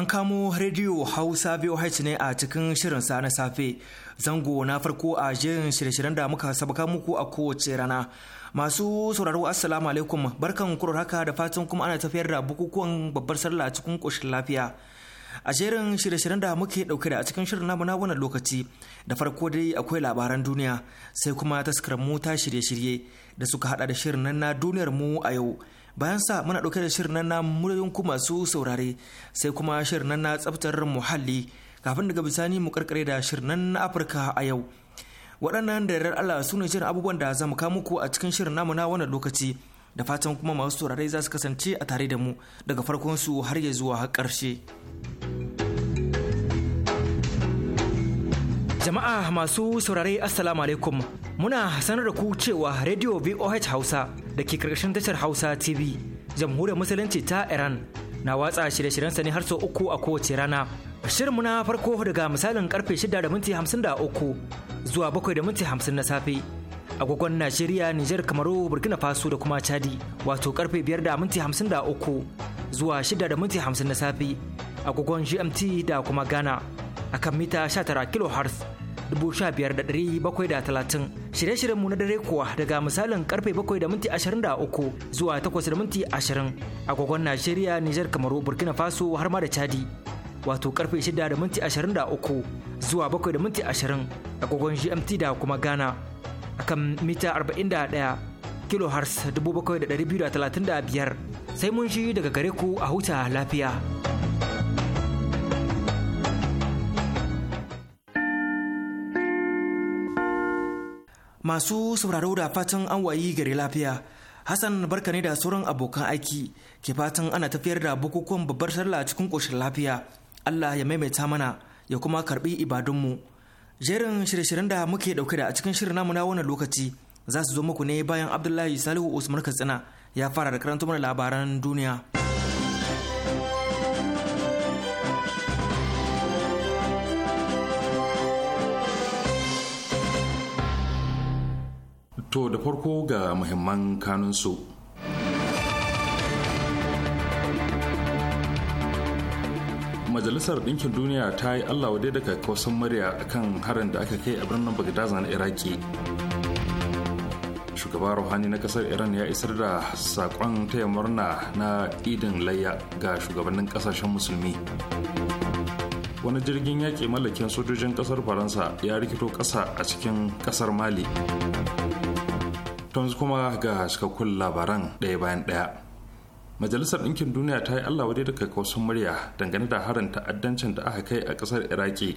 An kamo rediyo Hausa VOH ne a cikin shirin sa na safe. Zango na farko a jerin shirye-shiryen da muka sabaka muku a kowace rana. Masu sauraro Assalamu alaikum barkan kurar haka da fatan kuma ana tafiyar da bukukuwan babbar sallah a cikin ƙoshin lafiya. A jerin shirye-shiryen da muke dauke da a cikin shirin namu na wannan lokaci da farko dai akwai labaran duniya sai kuma taskar mu ta shirye-shirye da suka hada da shirin nan na duniyar mu a yau. bayan sa muna ɗauke da shirin nan na muryoyin masu saurare sai kuma shirin nan na tsaftar muhalli kafin daga bisani mu karkare da shirin nan na afirka a yau waɗannan da yarar allah su ne shirin abubuwan da za mu kawo muku a cikin shirin namu na wannan lokaci da fatan kuma masu saurare za su kasance a tare da mu daga farkon su har ya zuwa ƙarshe. Jama'a masu saurare Assalamu alaikum muna sanar da ku cewa Radio VOH Hausa da ke karkashin tashar Hausa TV jamhuriyar musulunci ta Iran na watsa shirye-shiryensa ne har sau uku a kowace rana. Shirin na farko daga misalin karfe shida da minti uku zuwa bakwai da minti hamsin na safe. agogon Najeriya, Nijar, Kamaru, Burkina Faso da kuma Chadi, wato karfe biyar da minti uku zuwa shida da minti hamsin na safe, agogon GMT da kuma Ghana akan mita 19 kilohertz talatin shirye-shiryenmu na dare kuwa daga misalin karfe bakwai da minti ashirin da uku zuwa takwas da minti ashirin agogon Najeriya, Nijar, Kamaru, Burkina Faso har ma da Chadi. Wato karfe shida da minti zuwa bakwai da minti ashirin agogon GMT da kuma Ghana. Akan mita 41 da biyar sai mun shi daga gare ku a huta lafiya. Masu sauraro da fatan an wayi gari lafiya. Hassan barka ne da sauran abokan aiki ke fatan ana tafiyar da bukukuwan babbar sallah cikin koshin lafiya. Allah ya maimaita mana ya kuma karbi ibadunmu. Jerin shirye-shiryen da muke dauke da a cikin shirin namu na wannan lokaci za su zo muku ne bayan Abdullahi Salihu Usman Katsina ya fara da karanta mana labaran duniya. To da farko ga muhimman kanunsu. Majalisar Ɗinkin Duniya ta yi Allah wadai daga kawasan murya kan harin da aka kai a birnin Bagdaza na Iraki. Shugaba ruhani na ƙasar Iran ya isar da saƙon taya murna na idin layya ga shugabannin ƙasashen musulmi. Wani jirgin yaƙi mallakin sojojin ƙasar Faransa ya rikito ƙasa a cikin ƙasar Mali. yanzu kuma ga cikakkun labaran ɗaya bayan ɗaya majalisar ɗinkin duniya ta yi allah wadai da kawasan murya dangane da harin ta'addancin da aka kai a ƙasar iraki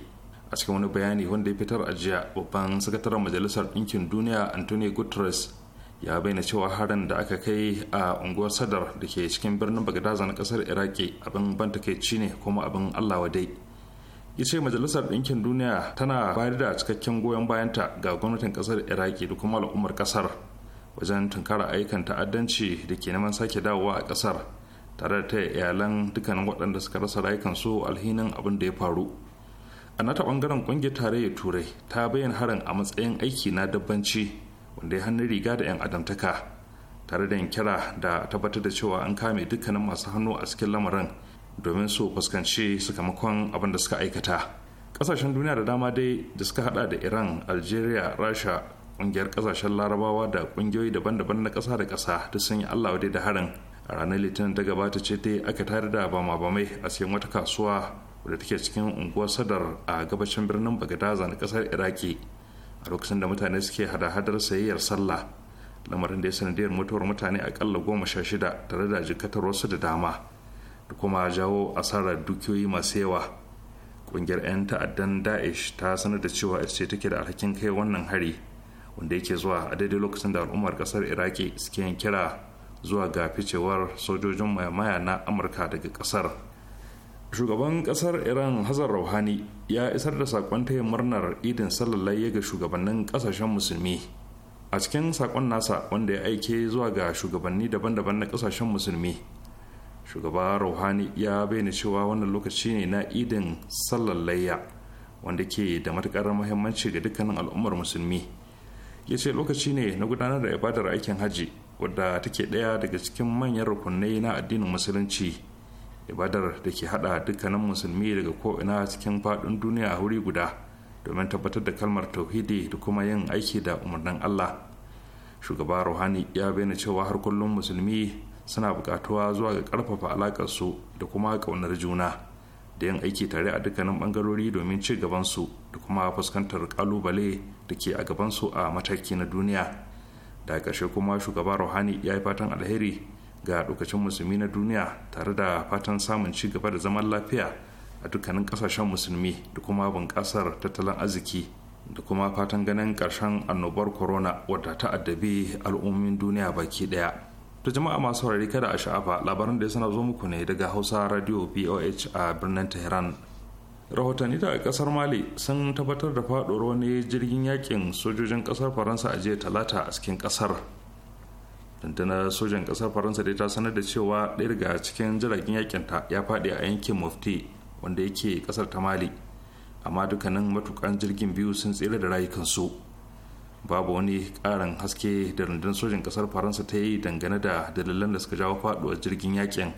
a cikin wani bayani wanda ya fitar a jiya babban sakataren majalisar ɗinkin duniya antony guterres ya bayyana cewa harin da aka kai a unguwar sadar da ke cikin birnin bagdaza na ƙasar iraki abin ban takaici ne kuma abin allah wadai ya ce majalisar ɗinkin duniya tana bayar da cikakken goyon bayanta ga gwamnatin ƙasar iraki da kuma al'ummar ƙasar wajen tunkara ayyukan ta'addanci da ke neman sake dawowa a kasar tare da taya iyalan dukkanin waɗanda suka rasa rayukansu alhinin abin da ya faru a nata ɓangaren ƙungiyar tarayyar turai ta bayyana harin a matsayin aiki na dabbanci wanda ya hannun riga da 'yan adamtaka tare da yin kira da tabbatar da cewa an kame dukkanin masu hannu a cikin lamarin domin su fuskanci sakamakon abin da suka aikata ƙasashen duniya da dama dai da suka hada da iran algeria rasha ƙungiyar ƙasashen larabawa da ƙungiyoyi daban-daban na ƙasa da ƙasa duk sun yi allah da harin a ranar litinin ta gabata ce ta aka tare da bama-bamai a cikin wata kasuwa wadda take cikin unguwar sadar a gabashin birnin bagadaza na ƙasar iraki a lokacin da mutane suke hada-hadar sayayyar sallah lamarin da ya sanadiyar mutuwar mutane aƙalla goma sha shida tare da jikatar wasu da dama da kuma jawo asarar dukiyoyi masu yawa ƙungiyar 'yan ta'addan Da'ish ta sanar da cewa ita ce take da alhakin kai wannan hari wanda yake zuwa a daidai lokacin da al'ummar kasar iraki suke yin kira zuwa ga ficewar sojojin mayamaya na amurka daga kasar shugaban kasar iran hazar rauhani ya isar da sakon taya murnar idin sallalai ga shugabannin kasashen musulmi a cikin saƙon nasa wanda ya aike zuwa ga shugabanni daban-daban na kasashen musulmi shugaba rauhani ya bayyana cewa wannan lokaci ne na idin sallallayya wanda ke da matukar muhimmanci ga dukkanin al'ummar musulmi ya ce lokaci ne na gudanar da ibadar aikin hajji wadda take ɗaya daga cikin manyan rukunai na addinin musulunci ibadar da ke haɗa dukkanin musulmi daga ko'ina cikin faɗin duniya a wuri guda domin tabbatar da kalmar tauhidi da kuma yin aiki da umarnin allah shugaba ruhani ya bayyana cewa har kullum musulmi suna bukatuwa zuwa ga ƙarfafa su da kuma ƙaunar juna da yin aiki tare a dukkanin bangarori domin ci su da kuma fuskantar ƙalubale da ke a gabansu a mataki na duniya da ƙarshe kuma shugaba rohani ya yi fatan alheri ga lokacin musulmi na duniya tare da fatan samun ci gaba da zaman lafiya a dukkanin kasashen musulmi da kuma bunƙasar tattalin arziki da kuma fatan ganin ƙarshen annobar corona wadda ta addabi al'ummin duniya baki ɗaya ta jama'a masu saurari kada a sha'afa labaran da ya sana zo muku ne daga hausa radio boh a birnin tehran rahotanni daga kasar mali sun tabbatar da faɗuwar wani jirgin yakin sojojin kasar faransa a jiya talata a cikin kasar dandana sojan kasar faransa da ta sanar da cewa ɗaya daga cikin jiragen yakin ta ya faɗi a yankin mufti wanda yake kasar ta mali amma dukkanin matukan jirgin biyu sun tsere da rayukansu babu wani ƙarin haske da rundunar sojan kasar faransa ta yi dangane da dalilan da suka jawo faɗuwar jirgin yakin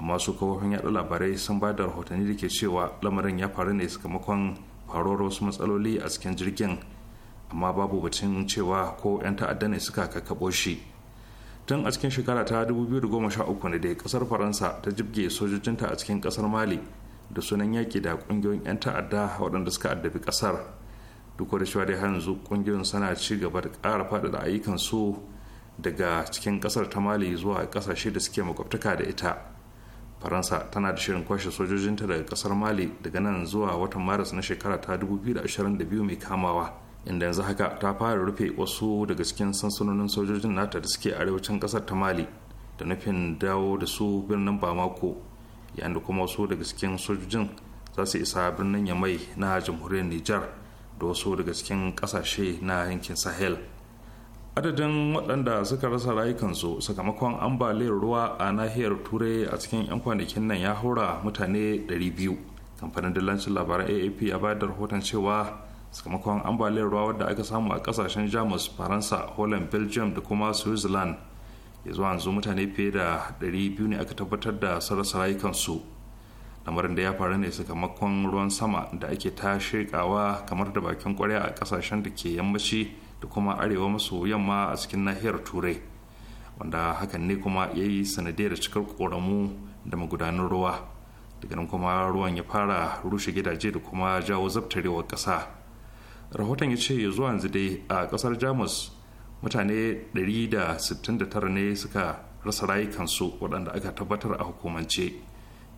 amma su kafofin yaɗa labarai sun ba da rahotanni da ke cewa lamarin ya faru ne sakamakon faruwar wasu matsaloli a cikin jirgin amma babu batun cewa ko 'yan ta'adda ne suka kakkaɓo shi tun a cikin shekara ta 2013 ne dai kasar faransa ta jibge sojojinta a cikin kasar mali da sunan yaƙi da ƙungiyoyin 'yan ta'adda waɗanda suka addabi ƙasar duk da cewa dai har yanzu ƙungiyoyin suna ci gaba da ƙara faɗaɗa ayyukansu daga cikin ƙasar ta mali zuwa ƙasashe da suke makwabtaka da ita faransa tana da shirin kwashe sojojinta daga kasar mali daga nan zuwa watan maris na shekara ta 2022 mai kamawa inda yanzu haka ta fara rufe wasu daga cikin sansanonin sojojin nata da suke arewacin kasar ta mali da nufin dawo da su birnin bamako yayin da kuma wasu daga cikin sojojin za su isa birnin yamai na jamhuriyar nijar da wasu daga cikin kasashe na yankin sahel adadin waɗanda suka rasa rayukansu sakamakon ambaliyar ruwa a nahiyar turai a cikin 'yan kwanakin nan ya haura mutane 200 kamfanin dillancin labaran aap ya bayar da rahoton cewa sakamakon ambaliyar ruwa wadda aka samu a kasashen jamus faransa holland belgium da kuma switzerland ya zuwa yanzu mutane fiye da 200 ne aka tabbatar da sarasa rayukansu lamarin da ya faru ne sakamakon ruwan sama da ake ta shekawa kamar da bakin kwarya a kasashen da ke yammaci da kuma arewa maso yamma a cikin nahiyar turai wanda hakan ne kuma ya yi sanadiyar cikar koramu da magudanin ruwa daga nan kuma ruwan ya fara rushe gidaje da kuma jawo zabtarewar ƙasa rahoton ya ce zuwa yanzu dai a ƙasar jamus mutane 169 ne suka rasa rayukansu waɗanda aka tabbatar a hukumance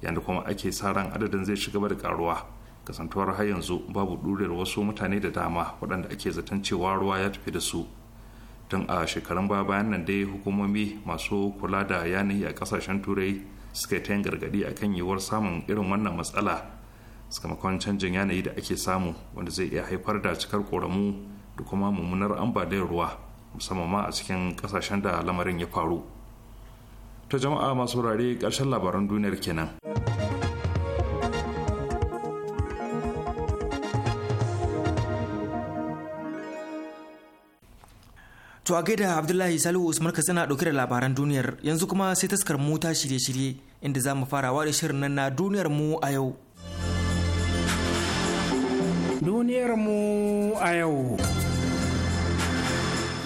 yadda kuma ake sa ran adadin zai shiga da karuwa kasantuwar har yanzu babu ɗurewar wasu mutane da dama waɗanda ake zaton cewa ruwa ya tafi da su tun a shekarun baya bayan nan dai hukumomi masu kula da yanayi a ƙasashen turai suka ta yin gargaɗi kan yiwuwar samun irin wannan matsala sakamakon canjin yanayi da ake samu wanda zai iya haifar da cikar ƙoramu da kuma mummunar ambaliyar ruwa musamman ma a cikin ƙasashen da lamarin ya faru ta jama'a masu wurare ƙarshen labaran duniyar kenan. To a gaida Abdullahi Salihu Usman Katsina ɗauke da labaran duniyar yanzu kuma sai taskar mu ta shirye-shirye inda za mu farawa da shirin nan na duniyar mu a yau. Duniyar mu a yau.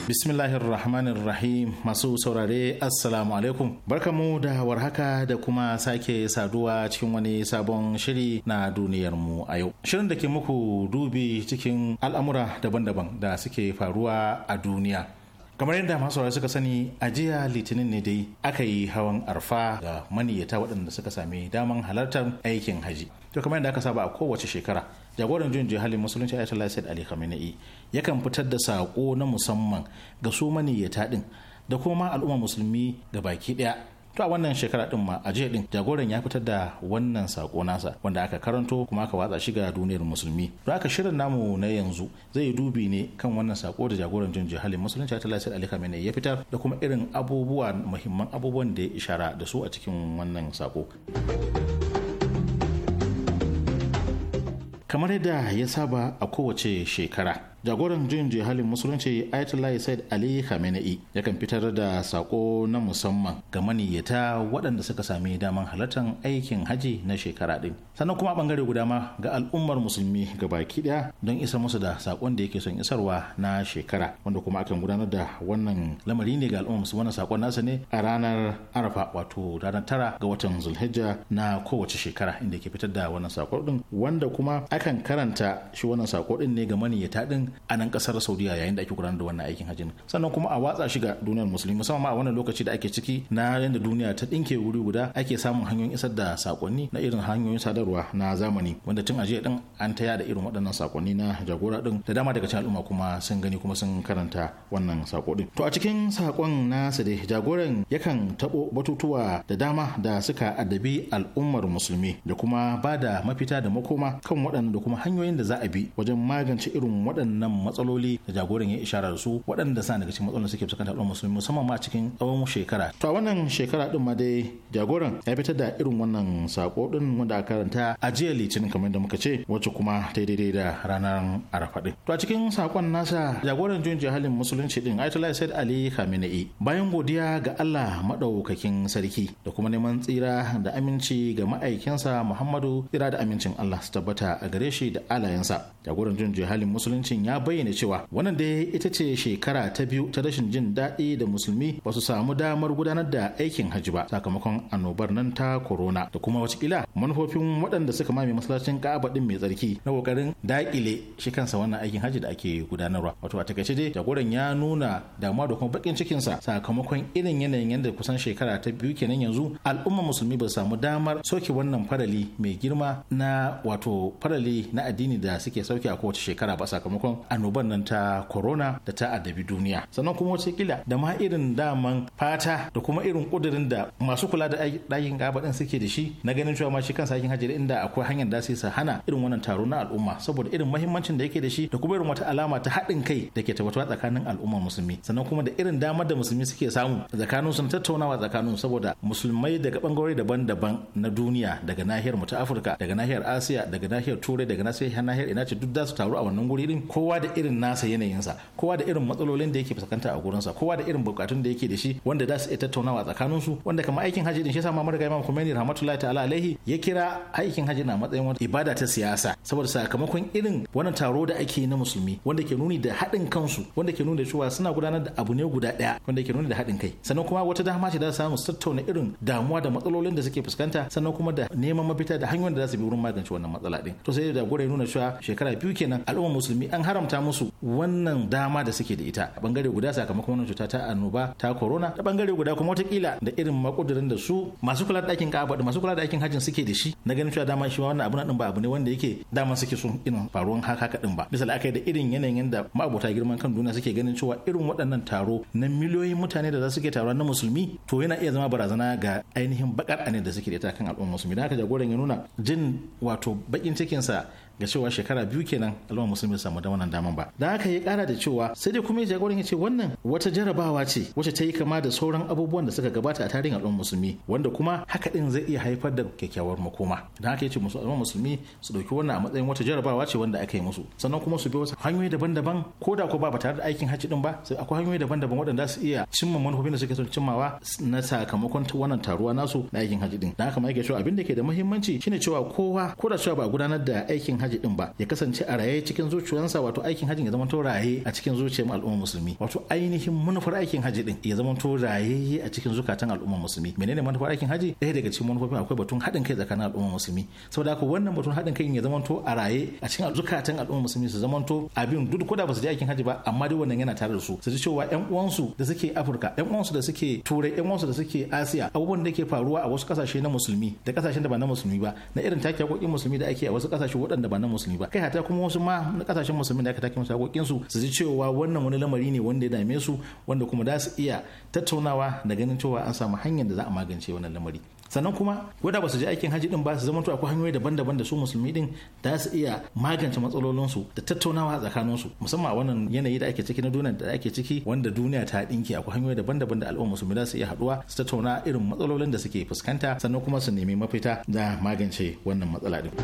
Bismillahir Rahmanir Rahim masu saurare Assalamu alaikum. Barkamu da warhaka da kuma sake saduwa cikin wani sabon shiri na duniyar mu a yau. Shirin da ke muku dubi cikin al'amura daban-daban da suke faruwa a duniya. kamar yadda masu suka sani a jiya litinin ne dai aka yi hawan arfa ga maniyyata waɗanda suka sami daman halartar aikin haji to kamar yadda aka saba a kowace shekara jagoran jin halin musulunci ayatollah said ali khamenei yakan fitar da sako na musamman ga su maniyyata din da kuma al'ummar musulmi ga baki ɗaya to a wannan shekara din ma a jiya din jagoran ya fitar da wannan sako nasa wanda aka karanto kuma aka watsa shi ga duniyar musulmi don haka shirin namu na yanzu zai yi dubi ne kan wannan sako da jagoran jin jihalin musulunci ta lasir ali khamenei ya fitar da kuma irin abubuwa muhimman abubuwan da ya ishara da su a cikin wannan sako kamar yadda ya saba a kowace shekara jagoran juyin halin musulunci ayatollah said ali khamenei yakan fitar da sako na musamman ga maniyyata waɗanda suka sami daman halartar aikin haji na shekara ɗin sannan kuma bangare guda ma ga al'ummar musulmi ga baki ɗaya don isa musu da sakon da yake son isarwa na shekara wanda kuma akan gudanar da wannan lamari ne ga al'ummar musulmi wannan sakon nasa ne a ranar arafa wato ranar tara ga watan zulhijja na kowace shekara inda ke fitar da wannan sako ɗin wanda kuma akan karanta shi wannan sako ɗin ne ga maniyyata ɗin a nan kasar saudiya yayin da ake gudanar da wannan aikin hajjin sannan kuma a watsa shi ga duniyar musulmi musamman ma a wannan lokaci da ake ciki na yadda duniya ta dinke wuri guda ake samun hanyoyin isar da sakonni na irin hanyoyin sadarwa na zamani wanda tun ajiya din an taya da irin waɗannan sakonni na jagora din da dama daga cikin al'umma kuma sun gani kuma sun karanta wannan sako din to a cikin sakon na da jagoran yakan tabo batutuwa da dama da suka addabi al'ummar musulmi da kuma ba da mafita da makoma kan waɗanda da kuma hanyoyin da za a bi wajen magance irin waɗannan waɗannan matsaloli da jagoran ya ishara da su waɗanda sa daga cikin matsalolin suke fuskanta al'umma su musamman ma a cikin tsawon shekara to a wannan shekara din ma dai jagoran ya fitar da irin wannan sako din wanda aka karanta a jiya litinin kamar da muka ce wacce kuma ta daidai da ranar arafa din to a cikin sakon nasa jagoran jin jihalin musulunci din ayatollah said ali khamenei bayan godiya ga allah madaukakin sarki da kuma neman tsira da aminci ga ma'aikinsa muhammadu tsira da amincin allah su tabbata a gare shi da alayensa jagoran jin jihalin musuluncin ya bayyana cewa wannan dai ita ce shekara ta biyu ta rashin jin daɗi da musulmi ba su samu damar gudanar da aikin hajji ba sakamakon annobar nan ta corona da kuma watakila manufofin waɗanda suka mame masallacin ka'aba din mai tsarki na kokarin daƙile shi kansa wannan aikin hajji da ake gudanarwa wato a takaice dai jagoran ya nuna damuwa da kuma bakin cikinsa sakamakon irin yanayin yadda kusan shekara ta biyu kenan yanzu al'umma musulmi ba su samu damar soke wannan farali mai girma na wato farali na addini da suke sauke a kowace shekara ba sakamakon sakamakon annoban nan ta corona da ta addabi duniya sannan kuma wace kila da ma irin daman fata da kuma irin kudirin da masu kula da ɗakin gaba din suke da shi na ganin cewa ma shi kansa aikin hajji inda akwai hanyar da su hana irin wannan taro na al'umma saboda irin mahimmancin da yake da shi da kuma irin wata alama ta haɗin kai da ke tabbatuwa tsakanin al'ummar musulmi sannan kuma da irin damar da musulmi suke samu tsakanin su na tattaunawa tsakanin saboda musulmai daga bangarori daban-daban na duniya daga nahiyar mu ta Afirka daga nahiyar Asiya daga nahiyar Turai daga nahiyar ina ce duk za su taru a wannan guri din ko kowa da irin nasa yanayinsa kowa da irin matsalolin da yake fuskanta a gurinsa kowa da irin bukatun da yake da shi wanda za su iya tattaunawa tsakanin su wanda kamar aikin haji din shi yasa Muhammad Imam Khomeini rahmatullahi ta'ala alaihi ya kira aikin haji na matsayin wata ibada ta siyasa saboda sakamakon irin wannan taro da ake na musulmi wanda ke nuni da haɗin kansu wanda ke nuni da cewa suna gudanar da abu ne guda ɗaya wanda ke nuni da haɗin kai sannan kuma wata dama ce da samu su tattauna irin damuwa da matsalolin da suke fuskanta sannan kuma da neman mafita da hanyoyin da za su bi wurin magance wannan matsala din to sai da gure nuna cewa shekara biyu kenan al'ummar musulmi an har haramta musu wannan dama da suke da ita a bangare guda sakamakon wannan cuta ta annoba ta corona da bangare guda kuma watakila da irin makudurin da su masu kula da ɗakin ka'aba da masu kula da ɗakin hajjin suke da shi na ganin cewa dama shi wannan abu na din ba abu ne wanda yake dama suke su irin faruwan haka din ba misali akai da irin yanayin yadda ma'abota girman kan duniya suke ganin cewa irin waɗannan taro na miliyoyin mutane da za su ke taro na musulmi to yana iya zama barazana ga ainihin bakar ne da suke da ita kan al'ummar musulmi da haka jagoran ya nuna jin wato bakin cikinsa ga cewa shekara biyu kenan al'umma musulmi samu da wannan daman ba da haka ya kara da cewa sai dai kuma jagoran ya ce wannan wata jarabawa ce wacce ta yi kama da sauran abubuwan da suka gabata a tarihin al'umma musulmi wanda kuma haka din zai iya haifar da kyakkyawar makoma da haka ya ce al'umma musulmi su dauki wannan a matsayin wata jarabawa ce wanda aka yi musu sannan kuma su bi wasu hanyoyi daban-daban ko da ko ba ba tare da aikin hajji din ba sai akwai hanyoyi daban-daban waɗanda su iya cimma manufofin da suke son cimmawa na sakamakon wannan taruwa nasu na aikin hajji din da haka ma yake cewa abin da ke da muhimmanci shine cewa kowa ko da cewa ba gudanar da aikin haji din ba ya kasance a raye cikin zuciyarsa wato aikin hajin ya zama to raye a cikin zuciyar al'umma musulmi wato ainihin manufar aikin haji din ya zama to raye a cikin zukatan al'umma musulmi menene manufar aikin haji ɗaya daga cikin manufofin akwai batun haɗin kai tsakanin al'umma musulmi saboda haka wannan batun haɗin kai ya zama to a raye a cikin zukatan al'umma musulmi su zama to abin duk koda ba su je aikin haji ba amma dai wannan yana tare da su su ji cewa ƴan uwansu da suke Afirka ƴan uwansu da suke Turai ƴan uwansu da suke Asiya abubuwan da ke faruwa a wasu kasashe na musulmi da kasashen da ba na musulmi ba na irin take haƙoƙin musulmi da ake a wasu kasashe waɗanda ba ba na musulmi ba kai hata kuma wasu ma na kasashen musulmi da aka take musu hakokin su su ji cewa wannan wani lamari ne wanda ya dame su wanda kuma za su iya tattaunawa da ganin cewa an samu hanyar da za a magance wannan lamari sannan kuma wadda ba su je aikin haji din ba su zama to akwai hanyoyi daban-daban da su musulmi din da su iya magance matsalolin su da tattaunawa tsakanin su musamman a wannan yanayi da ake ciki na duniya da ake ciki wanda duniya ta dinki akwai hanyoyi daban-daban da al'umma musulmi za su iya haduwa su tattauna irin matsalolin da suke fuskanta sannan kuma su nemi mafita da magance wannan matsala din.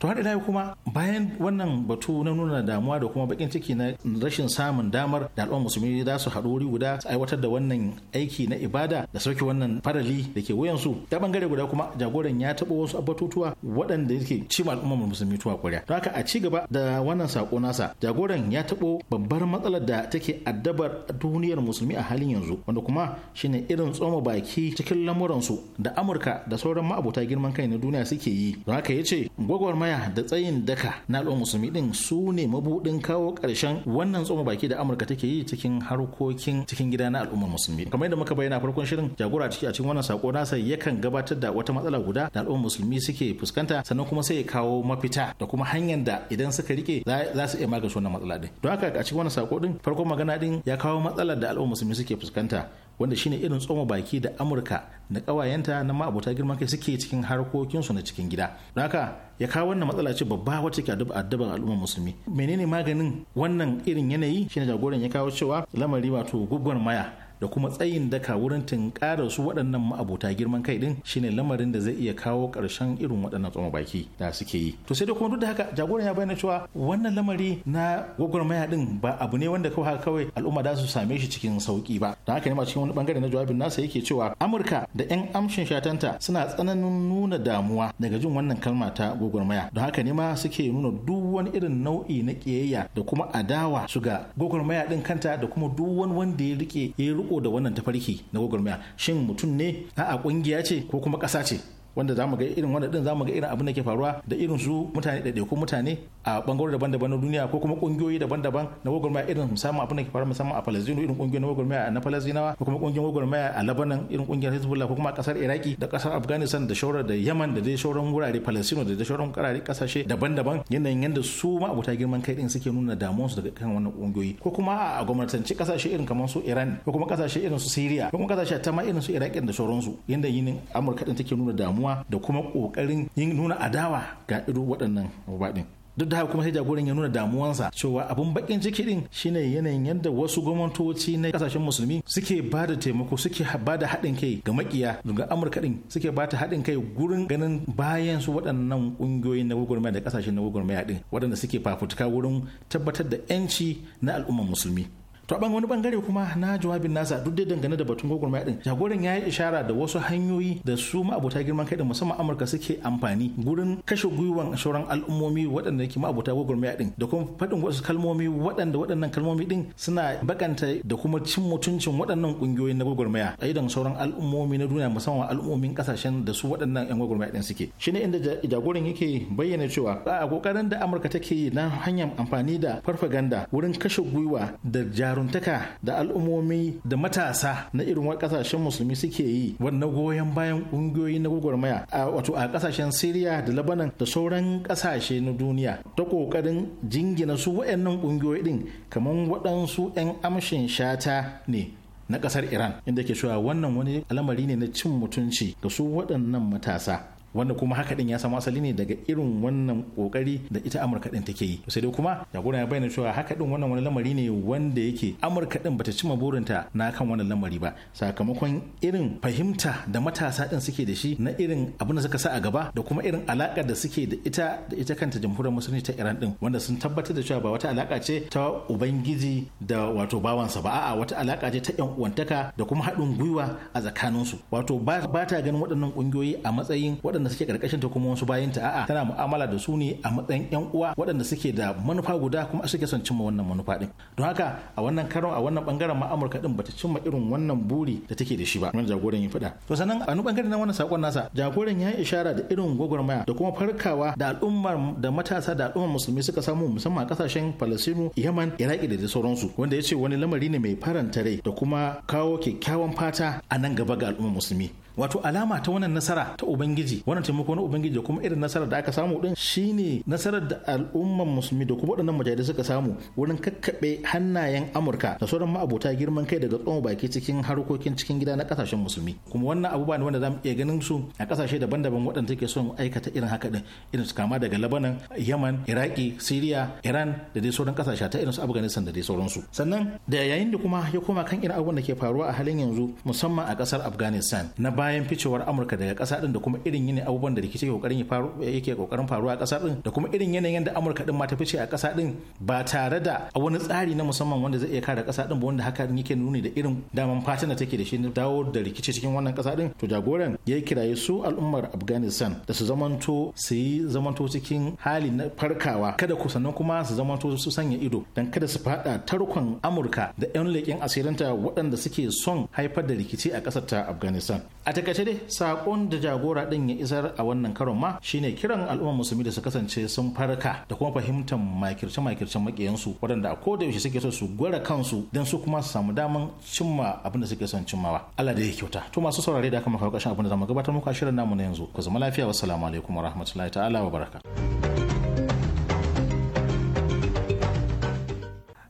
to har kuma bayan wannan batu na nuna damuwa da kuma bakin ciki na rashin samun damar da al'ummar musulmi za su haɗu wuri guda su aiwatar da wannan aiki na ibada da sauke wannan farali da ke su ta bangare guda kuma jagoran ya taɓa wasu batutuwa waɗanda yake ci al'ummar musulmi tuwa kwarya to haka a ci gaba da wannan sako nasa jagoran ya taɓo babbar matsalar da take addabar duniyar musulmi a halin yanzu wanda kuma shine irin tsoma baki cikin lamuransu da amurka da sauran ma'abota girman kai na duniya suke yi don haka ya ce gwagwarmaya gwagwarmaya da tsayin daka na al'ummar musulmi din su ne mabudin kawo karshen wannan tsoma baki da amurka take yi cikin harkokin cikin gida na al'ummar musulmi kamar yadda muka bayyana farkon shirin jagora ciki a cikin wannan sako nasa yakan gabatar da wata matsala guda da al'ummar musulmi suke fuskanta sannan kuma sai ya kawo mafita da kuma hanyar da idan suka rike za su iya magance wannan matsala din don haka a cikin wannan sako din farkon magana din ya kawo matsalar da al'ummar musulmi suke fuskanta wanda shine irin tsoma baki da amurka da ƙawayenta na ma'abuta girman kai suke cikin harkokinsu na cikin gida haka ya kawo wannan matsala ce babba wacce ke addaban al'ummar musulmi menene maganin wannan irin yanayi shine jagoran ya kawo cewa lamari wato gugwar maya da kuma tsayin daka wurin tunƙara su waɗannan ma'abota girman kai din shine lamarin da zai iya kawo ƙarshen irin waɗannan tsoma baki da suke yi to sai dai kuma duk da haka jagoran ya bayyana cewa wannan lamari na gwagwarmaya din ba abu ne wanda kawai kawai al'umma za su same shi cikin sauki ba da haka ne ma cikin wani bangare na jawabin nasa yake cewa amurka da 'yan amshin shatanta suna tsananin nuna damuwa daga jin wannan kalma ta gwagwarmaya don haka ne ma suke nuna duk wani irin nau'i na kiyayya da kuma adawa su ga gwagwarmaya din kanta da kuma duk wani wanda ya rike ya riko da wannan tafarki na gwagwarmaya shin mutum ne a'a kungiya ce ko kuma ƙasa ce wanda mu ga irin wanda din mu ga irin abin da ke faruwa da irin su mutane da ko mutane a bangarori daban-daban na duniya ko kuma kungiyoyi daban-daban na maya irin musamman abin da ke faruwa musamman a falazino irin na kungiyoyin maya na falazinawa ko kuma kungiyoyin maya a labanan irin kungiyar Hezbollah ko kuma kasar Iraki da kasar Afghanistan da shaurar da yaman da dai shauran wurare falazino da dai shauran karare kasashe daban-daban yanayin yadda su ma abota girman kai din suke nuna damuwarsu daga kan wannan kungiyoyi ko kuma a gwamnatanci kasashe irin kamar su Iran ko kuma kasashe irin su Syria ko kuma kasashe ta ma irin su iraki da shauransu yanda yinin Amurka din take nuna damuwa damuwa da kuma kokarin yin nuna adawa ga irin waɗannan rubaɗin duk da haka kuma sai jagoran ya nuna damuwansa cewa abun bakin ciki din shine yanayin yadda wasu gwamnatoci na kasashen musulmi suke ba da taimako suke ba da haɗin kai ga makiya daga amurka din suke ba ta haɗin kai gurin ganin bayan su waɗannan ƙungiyoyi na gwagwarmaya da kasashen na gwagwarmaya din waɗanda suke fafutuka wurin tabbatar da 'yanci na al'ummar musulmi to a wani bangare kuma na jawabin nasa duk da dangane da batun gwagwarmaya din jagoran ya yi ishara da wasu hanyoyi da su ma'abota girman kai da musamman amurka suke amfani gurin kashe gwiwan sauran al'ummomi waɗanda ke ma'abota gwagwarmaya din da kuma faɗin wasu kalmomi waɗanda waɗannan kalmomi din suna bakanta da kuma cin mutuncin waɗannan ƙungiyoyin na gwagwarmaya a idan sauran al'ummomi na duniya musamman al'ummomin ƙasashen da su waɗannan 'yan gwagwarmaya din suke shine inda jagoran yake bayyana cewa a kokarin da amurka take na hanyar amfani da farfaganda wurin kashe gwiwa da jaru yaruntaka da al'ummomi da matasa na irin wa kasashen musulmi suke yi wannan goyon bayan kungiyoyi na gwagwarmaya a wato a kasashen Siriya da Lebanon da sauran kasashe na duniya ta kokarin jingina su wayannan kungiyoyi din kamar waɗansu 'yan amshin shata ne na kasar Iran inda ke cewa wannan wani al'amari ne na cin mutunci ga su waɗannan matasa wanda kuma haka din ya samu asali ne daga irin wannan kokari da ita amurka din take yi sai dai kuma jagora ya bayyana cewa haka din wannan wani lamari ne wanda yake amurka din bata cima burinta na kan wannan lamari ba sakamakon irin fahimta da matasa din suke da shi na irin abin da suka sa a gaba da kuma irin alaƙa da suke da ita da ita kanta jamhuriyar musulunci ta iran din wanda sun tabbatar da cewa ba wata alaka ce ta ubangiji da wato bawansa ba a'a wata alaka ce ta yan uwantaka da kuma haɗin gwiwa a tsakaninsu wato ba ta ganin waɗannan ƙungiyoyi a matsayin waɗannan waɗanda suke ƙarƙashin ta kuma wasu bayanta a'a tana mu'amala da su ne a matsayin yan uwa waɗanda suke da manufa guda kuma suke son cimma wannan manufa din don haka a wannan karon a wannan bangaren ma Amurka din bata cimma irin wannan buri da take da shi ba wannan jagoran ya faɗa to sannan a bangaren na wannan sakon nasa jagoran ya yi ishara da irin gwagwarmaya da kuma farkawa da al'ummar da matasa da al'ummar musulmi suka samu musamman a kasashen Palestinu Yaman Iraki da sauransu wanda ya ce wani lamari ne mai faranta rai da kuma kawo kyakkyawan fata a nan gaba ga al'ummar musulmi wato alama ta wannan nasara ta ubangiji wannan taimako na ubangiji da kuma irin nasarar da aka samu din shine nasarar da al'umman musulmi da kuma waɗannan mujahidai suka samu wurin kakkaɓe hannayen amurka da sauran ma'abota girman kai daga tsawon baki cikin harkokin cikin gida na kasashen musulmi kuma wannan abubuwa ne wanda zamu iya ganin su a kasashe daban-daban waɗanda ke son aikata irin haka din irin su kama daga labanan yaman iraki siriya iran da dai sauran kasashe ta irin su afghanistan da dai su sannan da yayin da kuma ya koma kan irin abubuwan da ke faruwa a halin yanzu musamman a kasar afghanistan na baya bayan ficewar amurka daga kasa din da kuma irin yanayin abubuwan da rikici kokarin eh, yake kokarin faruwa a kasa din da kuma irin yanayin da amurka din ma ta fice a kasa din ba tare da wani tsari na musamman wanda zai iya kare kasa din ba wanda haka yake nuni da irin daman fatan da take da shi dawo da rikici cikin wannan kasa din to jagoran ya kiraye su al'ummar afghanistan da su zamanto su yi zamanto cikin hali na farkawa kada ku sannan kuma su zamanto su sanya ido dan kada su fada tarkon amurka da 'yan leƙen asirinta waɗanda suke son haifar da rikici a ƙasar ta afghanistan a takaice dai sakon da jagora din ya isar a wannan karon ma shine kiran al'umma musulmi da su kasance sun farka da kuma fahimtar makirce makirce makiyansu waɗanda a koda yaushe suke so su gwara kansu don su kuma su samu daman cimma abin da suke son cimmawa Allah da ya kyauta to masu saurare da aka maka ƙarshen abin da zamu gabatar muku a shirin namu na yanzu ku zama lafiya assalamu alaikum rahmatullahi ta'ala wa baraka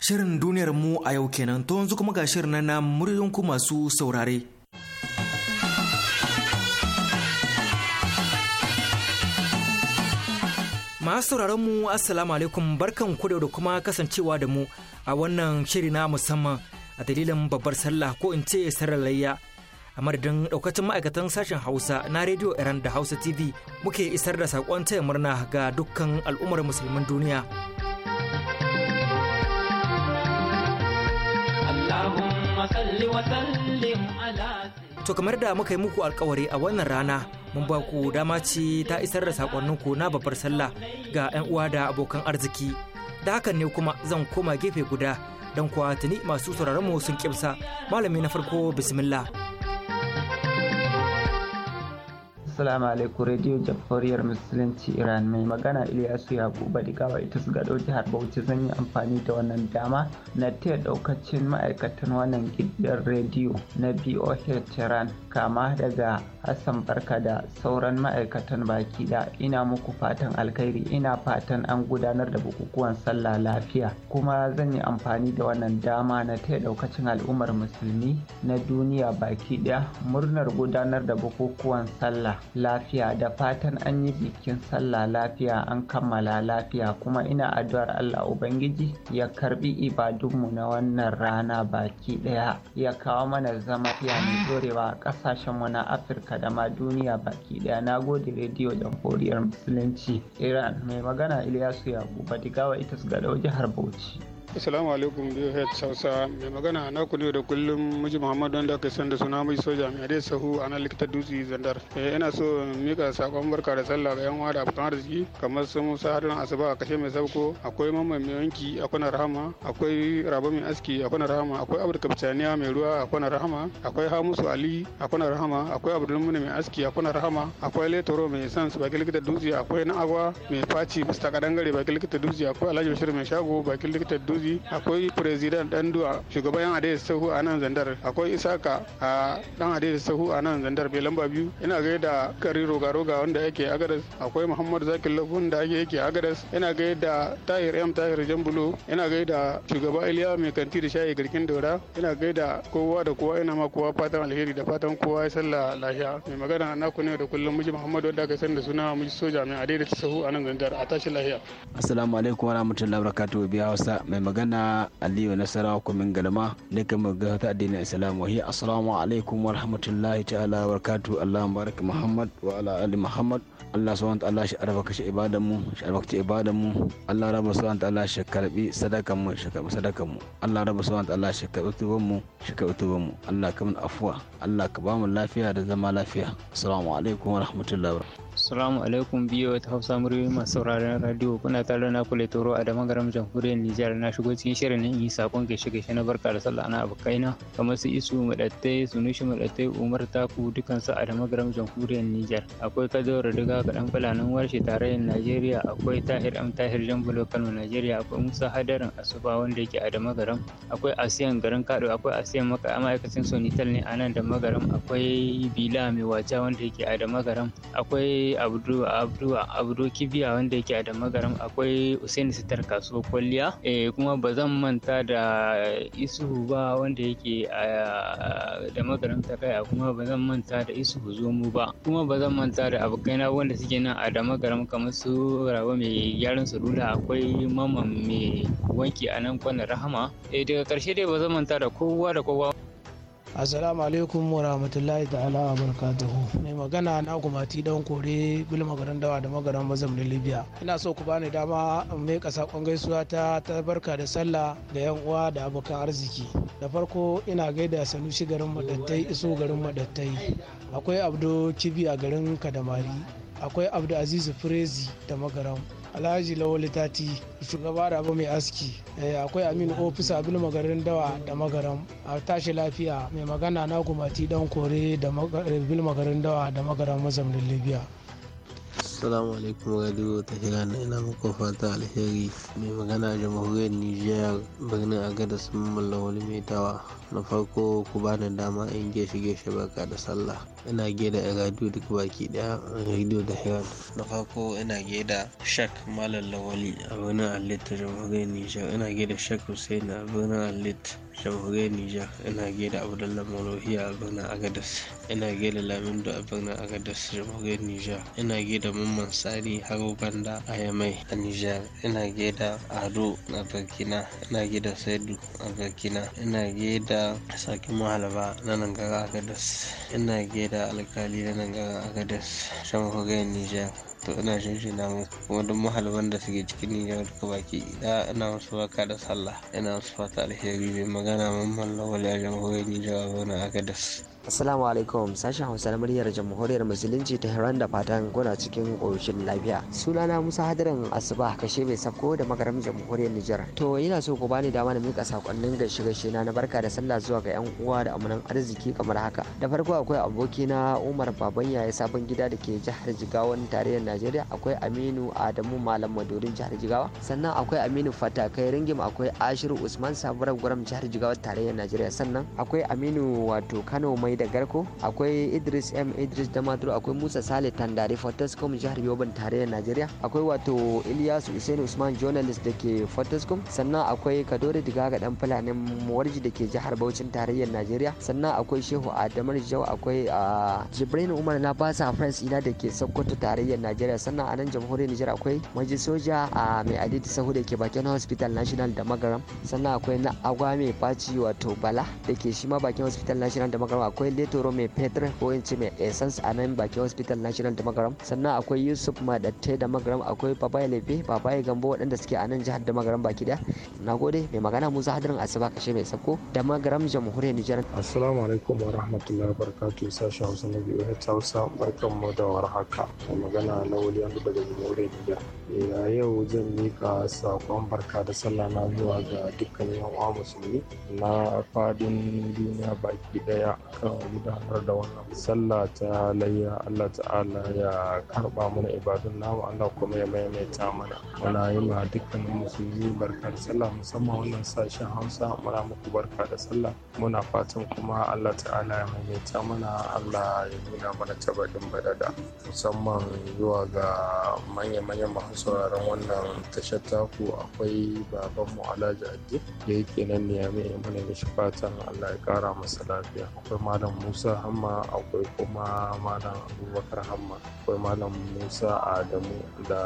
Shirin duniyar mu a yau kenan to yanzu kuma ga shirin na muryoyin masu saurare Masu sauraron mu Assalamu alaikum barkan ku da kuma kasancewa da mu a wannan shiri na musamman a dalilin babbar sallah ko in ce sarar layya a madadin daukacin ma'aikatan sashen Hausa na rediyo Iran da Hausa TV muke isar da saƙon taya murna ga dukkan al'ummar musulmin duniya. To kamar da muka yi muku alkawari a wannan rana mun ba ku dama ce ta isar da sakonninku na babbar sallah ga 'yan uwa da abokan arziki da hakan ne kuma zan koma gefe guda don kuwa tuni masu sauraron mu sun kimsa malami na farko bismillah Assalamu alaikum Radio Jafariyar Musulunci Iran mai magana Ilyasu Yakuba Digawa ita su gado jihar Bauchi zan yi amfani da wannan dama na taya daukacin ma'aikatan wannan gidan rediyo na BOH Iran kama daga Hassan Barka da sauran ma'aikatan baki da ina muku fatan alkhairi ina fatan an gudanar da bukukuwan sallah lafiya kuma zan yi amfani da wannan dama na taya daukacin al'ummar musulmi na duniya baki daya murnar gudanar da bukukuwan sallah lafiya da fatan an yi bikin sallah lafiya an kammala lafiya kuma ina addu'ar Allah Ubangiji ya karbi ibadunmu na wannan rana baki ɗaya. ya kawo mana zama fiya mai dorewa a mu na Afirka da ma duniya baki ɗaya na gode rediyo jamhuriyar musulunci Iran mai magana Ilyasu Yakuba Digawa ita su jihar Bauchi. Assalamu alaikum DOH Sausa mai magana na ku ne da kullum miji Muhammadu wanda aka san da suna mai soja mai dai sahu a ana likita dutse zandar. Eh, ina so mika sakon barka da sallah ga yan uwa da abokan arziki kamar su Musa Haruna Asuba a kashe mai sabko akwai mamman mai yanki a kwana rahama akwai Rabo mai aski a kwana rahama akwai Abdul Kapitaniya mai ruwa a kwana rahama akwai hamusu Ali a kwana rahama akwai Abdul Mumin mai aski a kwana rahama akwai Letoro mai san su baki likita dutse akwai na agwa mai faci mista Kadangare baki likita dutse akwai Alhaji Bashir mai shago baki likita dutse Gurbi akwai president Danduwa shugaban yan Adai Sahu a nan Zandar akwai Isaka a dan Adai Sahu a nan Zandar bai lamba biyu ina gaida Kari Roga Roga wanda yake Agadas akwai Muhammad Zakir Lafun da yake Agadas ina gaida Tahir M Tahir Jambulo ina gaida shugaba Iliya mai kanti da shayi garkin Dora ina gaida kowa da kowa ina ma kowa fatan alheri da fatan kowa ya sallah lafiya mai magana na ku ne da kullum miji Muhammad wanda aka sani da suna miji soja mai Adai Sahu a nan Zandar a tashi lafiya assalamu alaikum wa wabarakatuh biya Hausa mai magana aliyu nasara kumin galma ne kama ga addinin islam assalamu alaikum wa rahmatullahi ta'ala wa barakatuhu allah barak muhammad wa ala ali muhammad allah subhanahu ta'ala shi arfaka shi ibadan mu shi arfaka ibadan mu allah rabu subhanahu ta'ala shi karbi sadakan mu shi karbi sadakan mu allah subhanahu ta'ala shi karbi tuban mu shi karbi tuban mu allah kamun afuwa allah ka ba mu lafiya da zama lafiya assalamu alaikum wa rahmatullahi wa Assalamu alaikum biyo ta Hausa muryoyi masu sauraron radio kuna tare na kula toro a damar garin jamhuriyar Nijar na shigo cikin shirin nan yi sakon gaishe gaishe na barka da sallah na abokaina kamar su isu su nushi madattai umar taku dukansu a damar garin jamhuriyar Nijar akwai kadawar riga dan fulanin warshe tare tarayyar Najeriya akwai tahir am tahir jambulo Kano Najeriya akwai Musa Hadarin Asuba wanda yake a damar garin akwai asiyan garin Kado akwai asiyan maka ma'aikacin Sonitel ne a nan da magaram akwai Bila mai wata wanda yake a damar garin akwai akwai abdu abdu abdu kibiya wanda yake a damagaram akwai usaini sitar kasuwar kwalliya eh kuma ba zan manta da isuhu ba wanda yake a damagaram ta kai kuma ba zan manta da isuhu zomu ba kuma ba zan manta da abokaina wanda suke nan a damagaram kamar su rawa mai gyaran salula akwai mama mai wanki a nan kwanan rahama eh daga karshe dai ba zan manta da kowa da kowa assalamu alaikum wa rahmatullahi ta'ala wa barakatuhu mai magana na gumati dan kore bil magaran dawa da magaran mazam na libya ina so ku bani dama mai kasa gaisuwa ta tabarka da sallah da yan uwa da abokan arziki da farko ina gaida sanushi garin madattai iso garin madattai akwai abdo kibi a garin kadamari akwai abdulaziz firezi da magaram alhaji lawali tati shugaba da abu mai aski eh, akwai aminu ofisa abin magarin dawa da magaram a tashi lafiya mai magana na gumati dan kore da eh, bil magarin dawa da magaram mazaunin libya Assalamu alaikum radio ta na ina muku fata alheri mai magana a jamhuriyar nigeria birnin Agada sun mallawali mai tawa na farko ku ba da dama in geshe geshe barka da sallah ina gaida yan radio duk baki daya radio da herald Da farko ina gaida shak malam lawali a birnin alit jamhuriyar nijar ina gaida shak hussein a birnin alit jamhuriyar nijar ina gaida abdullah malohi a birnin agadas ina gaida lamindo a birnin agadas jamhuriyar nijar ina gaida mamman sari haro banda a yamai a nijar ina gaida ado a burkina ina gaida saidu a burkina ina gaida sakin mahalaba na nangara agadas ina gaida da alkali na nan garin Agadas can Hogayar Nijar. To ina na muku kuma duk mahalban da suke cikin Nijar duka baki da ina musu baka da sallah ina musu fata alheri mai magana mamman lawal a jamhuriyar Nijar a Agadas. Assalamu alaikum sashen Hausa na muryar Jamhuriyar Musulunci ta hiran da fatan kuna cikin ƙoshin lafiya. Sunana Musa Hadirin Asuba kashe mai sako da magaram Jamhuriyar Nijar. To yana so ku bani dama na mika sakonnin gaishe gaishe na na barka da sallah zuwa ga yan uwa da amanan arziki kamar haka. Da farko akwai abokina Umar Baban Yaya sabon gida da ke jihar Jigawan tarayyar Najeriya akwai Aminu Adamu Malam Madorin jihar Jigawa sannan akwai Aminu Fatakai Ringim akwai Ashiru Usman Sabuwar Gwaram jihar Jigawa tarayyar Najeriya sannan akwai Aminu wato Kano mai mai da garko akwai idris m idris damaturu akwai musa sale tandare fortescom jihar yobin tarayyar najeriya akwai wato ilyasu usain usman journalist da ke fortescom sannan akwai kadori digaga dan fulani muwarji da ke jihar bauchin tarayyar najeriya sannan akwai shehu adamar jau akwai jibrin umar na basa friends ina da ke sokoto tarayyar najeriya sannan a nan jamhuriyar nijar akwai maji soja a mai aditi sahu da ke bakin hospital national da magaram sannan akwai na agwa mai faci wato bala da ke shi ma bakin hospital national da magaram akwai letoro mai petrol ko in ce mai essence a nan bakin hospital national da sannan akwai yusuf madatte da magaram akwai babaye lefe babaye gambo waɗanda suke a nan jihar da baki daya na gode mai magana musa hadirin asuba kashe mai sako da magaram jamhuriyar nijar assalamu alaikum wa rahmatullahi barakatu sashen hausa na biyu ya tausa barkan mu da warhaka mai magana na wuli yanzu daga jamhuriyar nijar eh, yau zan mika sakon barka da sallah na zuwa ga dukkanin yan musulmi na fadin duniya baki daya kan gudanar da wannan sallah ta layya Allah ta'ala ya karba mana ibadun namu Allah kuma ya maimaita mana muna yi ma dukkanin musulmi barkar sallah musamman wannan sashen Hausa muna muku barka da sallah muna fatan kuma Allah ta'ala ya maimaita mana Allah ya nuna mana tabbatin badada musamman zuwa ga manya-manyan masu sauraron wannan tashar taku akwai babanmu Alhaji Addi da yake nan ne ya mai mana mishi fatan Allah ya kara masa lafiya akwai malam musa hamma akwai kuma malam abubakar hamma akwai malam musa adamu da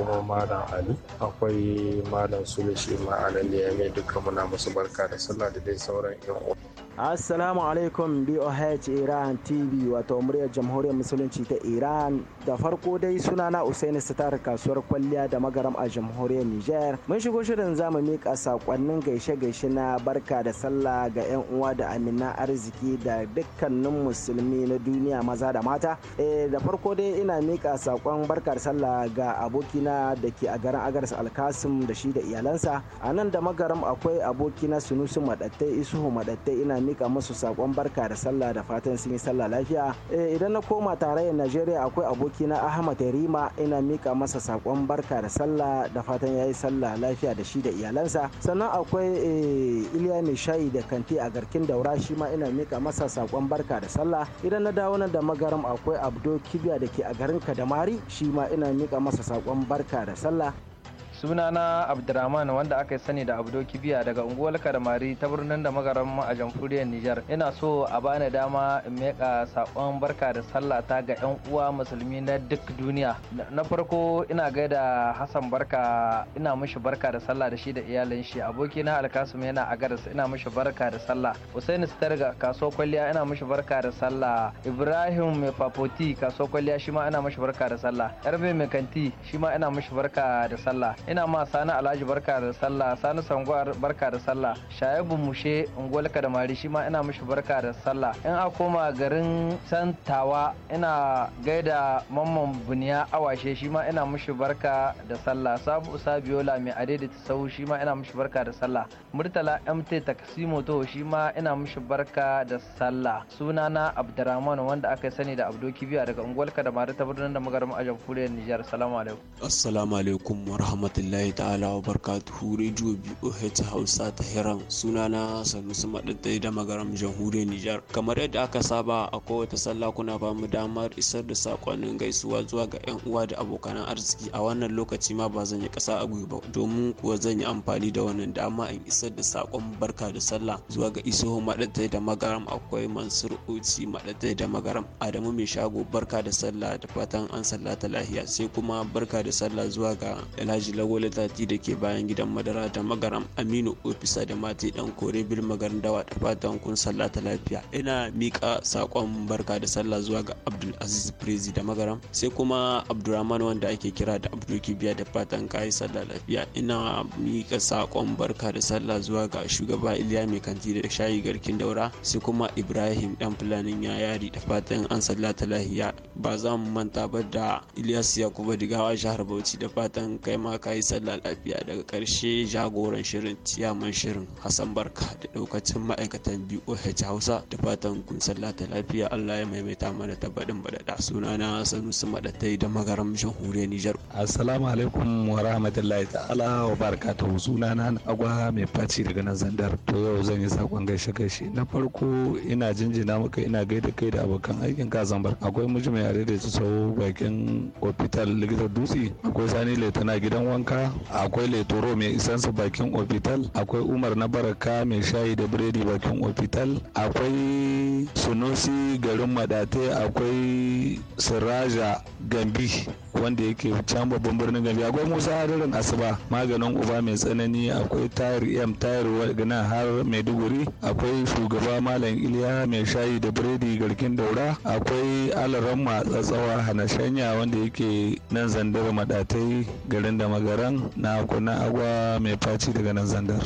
kuma malam ali akwai malam sule Shima, ma a nan ne mai duka muna musu barka da sallah da dai sauran yan uwa Assalamu alaikum BOH Iran TV wato muryar jamhuriyar musulunci ta Iran da farko dai sunana Usaini Sitar kasuwar kwalliya da magaram a jamhuriyar Nijar. Mun shigo shirin zamu mika sakonnin gaishe-gaishe na barka da sallah ga 'yan uwa da amina arziki da dukkanin musulmi na duniya maza da mata. E, da farko dai ina mika sakon barka da sallah ga abokina da ke a garin Agars Alkasim da shi da iyalansa. A nan da magaram akwai abokina Sunusu Madattai Isuhu Madattai ina mika musu sakon barka da sallah da fatan sun yi sallah lafiya eh, idan na koma tarayyar najeriya akwai abokina ahmad rima ina mika masa sakon barka da sallah da fatan ya yi sallah lafiya da shi da iyalansa sannan akwai eh, iliya mai shayi da kanti a garkin daura shi ma ina mika masa sakon barka da sallah idan na dawo nan da magaram akwai abdo kibiya da ke a garin kadamari shi ma ina mika masa sakon barka da sallah sunana Abdulrahman wanda aka sani da abu doki biya daga unguwar karamari ta birnin da magaran a jamhuriyar nijar ina so a bani dama in meka sakon barka da sallah ta ga yan uwa musulmi na duk duniya na farko ina gaida hassan barka ina mishi barka da sallah da shi da iyalin shi aboki na alkasum yana a garas ina mishi barka da sallah usaini Starga kaso kwalliya ina mishi barka da sallah ibrahim mai fafoti kaso kwalliya shi ina mishi barka da sallah yarbe mai kanti shi ma ina mishi barka da sallah ina ma sani alhaji barka da sallah sani sangwar barka da sallah shayabu mushe ungwal kadamari shi ma ina mishi barka da sallah in a koma garin santawa ina gaida mamman buniya awashe shi ma ina mishi barka da sallah sabu biola mai da tsawo shi ma ina mishi barka da sallah murtala mt taksimo to shi ma ina mishi barka da sallah sunana abdurrahman wanda aka sani da abdo kibiya daga ungwal kadamari ta birnin da magarin a jamhuriyar nijar salamu alaikum assalamu alaikum rahmatullahi ta'ala wa barkatuhu radio BOH Hausa ta hiram sunana Sanusi Madaddai da magaram jamhuriyar Nijar kamar yadda aka saba a kowace sallah kuna ba mu damar isar da sakonnin gaisuwa zuwa ga yan uwa da abokan arziki a wannan lokaci ma ba zan yi kasa a gwiwa domin kuwa zan yi amfani da wannan dama in isar da sakon barka da sallah zuwa ga Isuhu Madaddai da magaram akwai Mansur Uci Madaddai da magaram Adamu mai shago barka da sallah da fatan an sallata lahiya sai kuma barka da sallah zuwa ga Alhaji Kwadago Lati da ke bayan gidan madara da magaram Aminu Ofisa da Mati dan kore bil magarin dawa da fatan kun sallata lafiya. Ina mika sakon barka da sallah zuwa ga Abdul Aziz Prezi da magaram sai kuma abdurrahman wanda ake kira da Abdul Kibiya da fatan kai sallah lafiya. Ina mika sakon barka da sallah zuwa ga shugaba Iliya mai kanti da shayi garkin daura sai kuma Ibrahim dan fulanin ya yari da fatan an sallata lafiya. Ba za mu manta ba da Ilyas Yakuba Digawa jihar Bauchi da fatan kai ma kai yi sallah lafiya daga karshe jagoran shirin ciyaman shirin hassan barka da ɗaukacin ma'aikatan boh hausa da fatan kun ta lafiya allah ya maimaita mana tabbaɗin baɗaɗa sunana sanusi maɗatai da magaram jamhuriyar nijar assalamu alaikum wa rahmatullahi ta'ala wa suna sunana agwa mai faci daga nan zandar to yau zan yi sakon gaishe gaishe na farko ina jinjina maka ina gaida kai da abokan aikin ka bar? akwai miji mai yare da su bakin ofital likitar dutse akwai sani laitana gidan wanka wanka akwai letoro mai isansu bakin ofital akwai umar na baraka mai shayi da biredi bakin ofital akwai sunusi garin madate akwai siraja gambi wanda yake can babban birnin gambi akwai musa hadarin asuba maganin uba mai tsanani akwai tayar m tayar wagana har maiduguri akwai shugaba malam iliya mai shayi da biredi garkin daura akwai alaramma tsatsawa hanashanya wanda yake nan zandar madatai garin da magana. magaran na kunna agwa mai faci daga nan zandar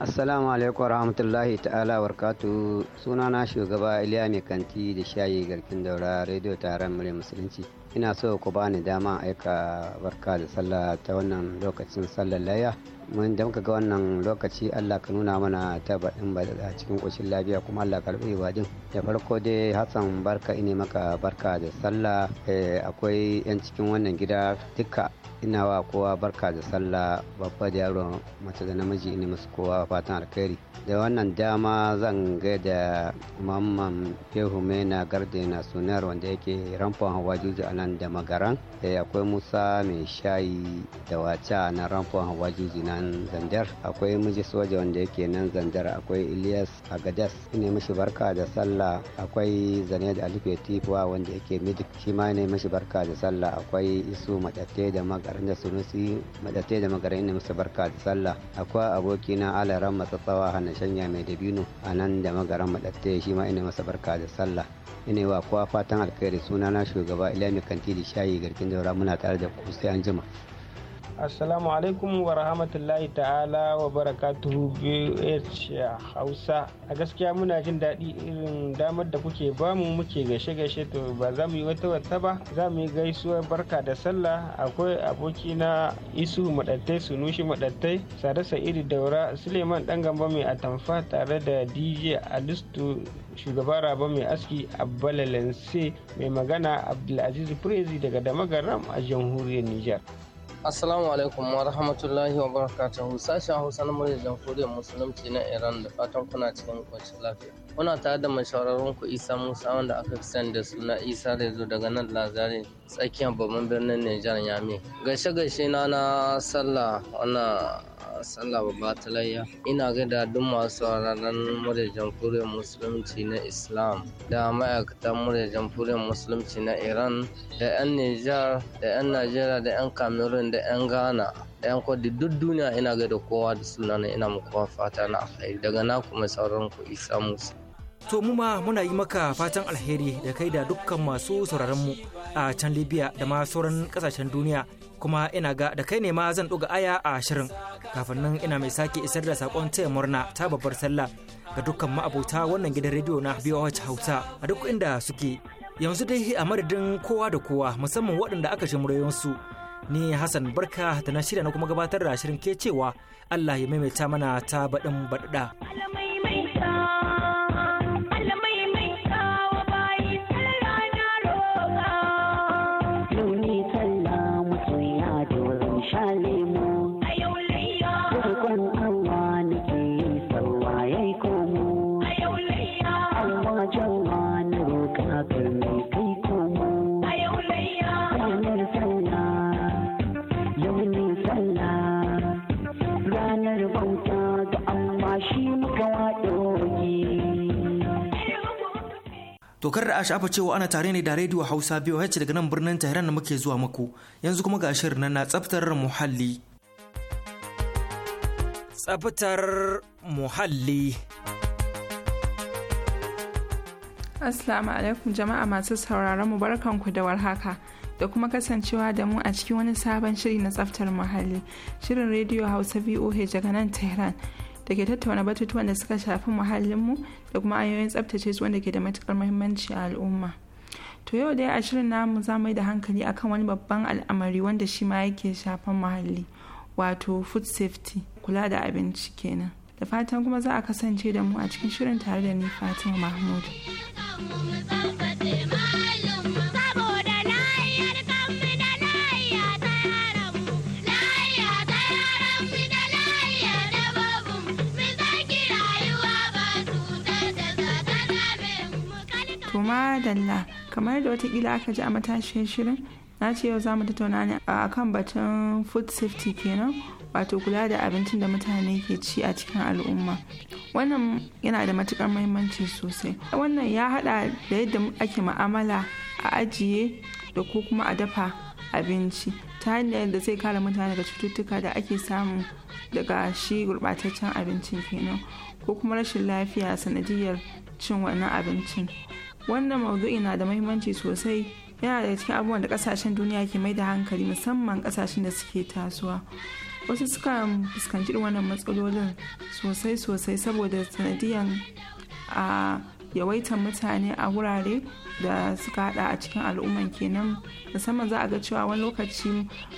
assalamu alaikum rahmatullahi ta'ala suna sunana shugaba iliya mai kanti da shayi garkin daura rediyo taron mai musulunci ina so ku ni dama aika barka da sallah ta wannan lokacin sallar laya mun da muka ga wannan lokaci Allah ka nuna mana ta baɗin ba a cikin ƙoshin lafiya kuma Allah ka rufe baɗin da farko dai Hassan barka ine maka barka da sallah eh, akwai yan cikin wannan gida duka ina wa kowa barka da sallah babba da yaro mace da namiji ina musu kowa fatan alkhairi da wannan dama zan ga da mamman fehu mena garde na sunar wanda yake ramfan hawa juji a nan da magaran da eh, akwai musa mai shayi da wace na ramfan hawa juji nan zandar akwai miji soja wanda yake nan zandar akwai ilyas agadas ina mashi barka da sallah akwai zane da alife tifuwa wanda yake midik shi ma ne mashi barka sallah akwai isu matatte da magaran. tare da sunusi madatai da magarai ne musu barka da sallah akwai aboki na alaran matsatsawa hana shanya mai dabino a nan da magaran madatai shi ma ina masa barka da sallah ina wa kowa fatan alkhairi sunana shugaba ilami kanti da shayi garkin daura muna tare da kusai anjima assalamu alaikum wa rahmatullahi ta'ala wa barakatuhu bh hausa a gaskiya muna jin daɗi irin damar da kuke bamu muke gaishe-gaishe to ba za mu yi wata wata ba za mu yi gaisuwar barka da sallah akwai aboki na isu maɗattai sunushi maɗattai sada sa'idu daura suleiman ɗan gamba mai atamfa tare da dj alistu shugaba raba mai aski abbalalense mai magana abdulaziz prezi daga damagaram a jamhuriyar niger Assalamu alaikum wa rahmatullahi wa barakatuhu sashen Hausa na murya jamhuriyar musulunci na Iran da fatan kuna cikin kwanci lafiya. Kuna tare da mashawararun ku Isa Musa wanda aka fi sani da suna Isa zo daga nan Lazare tsakiyar babban birnin Nijar Yami. Gaishe gaishe na na sallah wannan sallah babba ta layya ina gaida duk masu ranar muryar jamhuriyar musulunci na islam da ma'aikatan muryar jamhuriyar musulunci na iran da 'yan nijar da 'yan najeriya da 'yan cameroon da 'yan ghana da 'yan kwadi duk duniya ina gaida kowa da suna na ina muku fata na alheri daga na kuma sauran ku isa musu To mu ma muna yi maka fatan alheri da kai da dukkan masu sauraron mu a can Libya da ma sauran kasashen duniya kuma ina ga da kai ne ma zan ɗuga aya a shirin kafin nan ina mai sake isar da sakon taya murna ta babbar sallah ga dukkan ma'abota wannan gidan rediyo na BOH hauta a duk inda suke yanzu dai a madadin kowa da kowa musamman waɗanda aka shi su ni Hassan Barka da na shirya na kuma gabatar da shirin ke cewa Allah ya maimaita mana ta baɗin baɗaɗa. kar da ashafa shafa cewa ana tare ne da rediyo hausa biyu hacci daga nan birnin tehran da muke zuwa muku yanzu kuma ga shirin nan na tsaftar muhalli tsaftar muhalli assalamu alaikum jama'a masu sauraron mu barkanku da warhaka da kuma kasancewa da mu a cikin wani sabon shiri na tsaftar muhalli shirin rediyo hausa voh daga nan tehran da ke tattauna batutuwan da suka shafi muhallinmu da kuma ayoyin tsabtace su wanda ke da matukar muhimmanci a al'umma to yau dai a shirin namu za yi da hankali akan wani babban al'amari wanda shi ma yake shafan muhalli wato food safety kula da abinci kenan da fatan kuma za a kasance da mu a cikin shirin tare da ni fatima mahmud madalla kamar da watakila aka ji a matashiyar shirin na ce yau za mu tattauna ne a kan batun food safety kenan wato kula da abincin da mutane ke ci a cikin al'umma wannan yana da matukar mahimmanci sosai wannan ya hada da yadda ake ma'amala a ajiye da ko kuma a dafa abinci ta hanyar da zai kare mutane daga cututtuka da ake samu daga shi gurbataccen abincin kenan ko kuma rashin lafiya sanadiyar cin wannan abincin wannan maudu'i na da mahimmanci sosai yana da cikin abubuwan da kasashen duniya ke mai da hankali musamman kasashen da suke tasowa wasu suka fuskanci wannan matsalolin sosai sosai saboda sanadiyan a ah, yawaitar mutane a wurare da suka hada a cikin al'umman kenan musamman za a ga cewa wani lokaci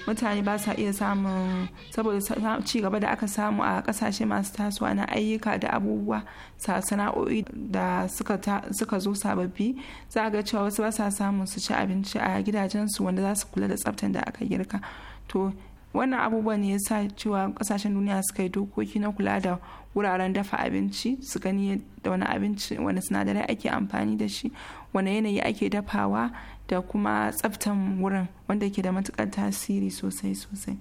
mutane ba sa iya samun saboda ci gaba da aka samu a kasashe masu tasowa na ayyuka da abubuwa sa sana'o'i da suka zo sababbi za a ga cewa wasu ba sa samun su ci abinci a gidajensu wanda za su kula da tsaftan da aka girka to wannan abubuwan ne ya sa cewa kasashen duniya suka yi dokoki na kula da wuraren dafa abinci su gani da wani abinci wani sinadarai ake amfani da shi wani yanayi ake dafawa da kuma tsaftan wurin wanda ke da matukar tasiri sosai sosai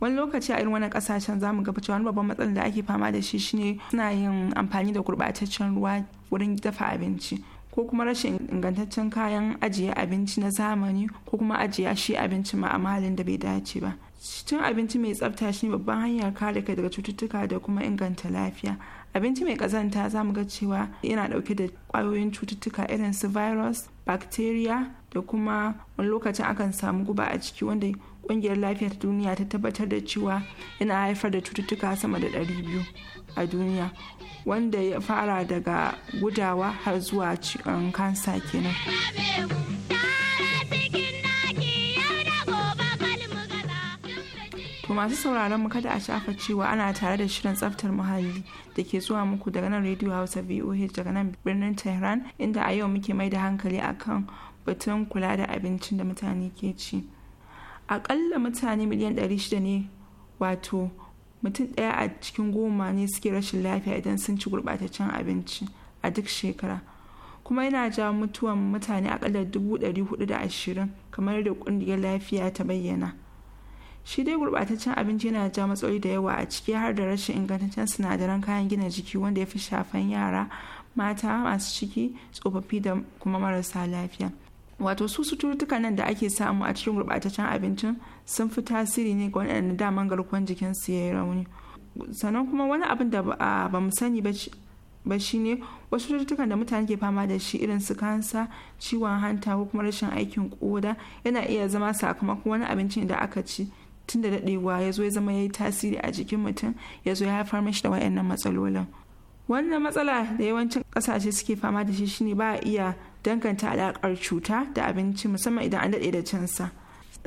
wani lokaci a irin wani kasashen za mu gaba cewa wani babban matsalar da ake fama da shi shine suna yin amfani da gurbataccen ruwa wurin dafa abinci ko kuma rashin ingantaccen kayan ajiye abinci na zamani ko kuma ajiye shi abinci ma a da bai dace ba cin abinci mai tsafta shi babban hanyar kare kai daga cututtuka da kuma inganta lafiya abinci mai kazanta za mu ga cewa yana dauke da kwayoyin cututtuka irin su virus bacteria da kuma wani lokacin akan samu guba a ciki wanda kungiyar lafiya ta duniya ta tabbatar da cewa yana haifar da cututtuka sama da 200 a duniya wanda ya fara daga gudawa har zuwa kansa kenan. To masu sauraron mu kada a shafa cewa ana tare da shirin tsaftar muhalli da ke zuwa muku daga nan Radio Hausa VOH daga nan birnin Tehran inda a yau muke mai da hankali akan batun kula da abincin da mutane ke ci. Akalla mutane miliyan 600 ne wato mutum ɗaya a cikin goma ne suke rashin lafiya idan sun ci gurɓataccen abinci a duk shekara. kuma yana jawo mutuwan mutane akalla 420 kamar da kungiyar lafiya ta bayyana. shi dai gurbataccen abinci yana ja matsaloli da yawa a ciki har da rashin ingantaccen sinadaran kayan gina jiki wanda ya fi shafan yara mata masu ciki tsofaffi da kuma marasa lafiya wato su suturtuka nan da ake samu a cikin gurbataccen abincin sun fi tasiri ne ga waɗanda daman jikin jikinsu ya yi rauni sannan kuma wani abin da ba mu sani ba shi ne wasu cututtukan da mutane ke fama da shi irin su kansa ciwon hanta ko kuma rashin aikin koda yana iya zama sakamakon wani abincin da aka ci tun da daɗewa ya zo ya zama ya yi tasiri a jikin mutum ya zo ya haifar mashi da wayannan matsalolin wannan matsala da yawancin ƙasashe suke fama da shi shine ba a iya danganta alaƙar cuta da abinci musamman idan an daɗe da cinsa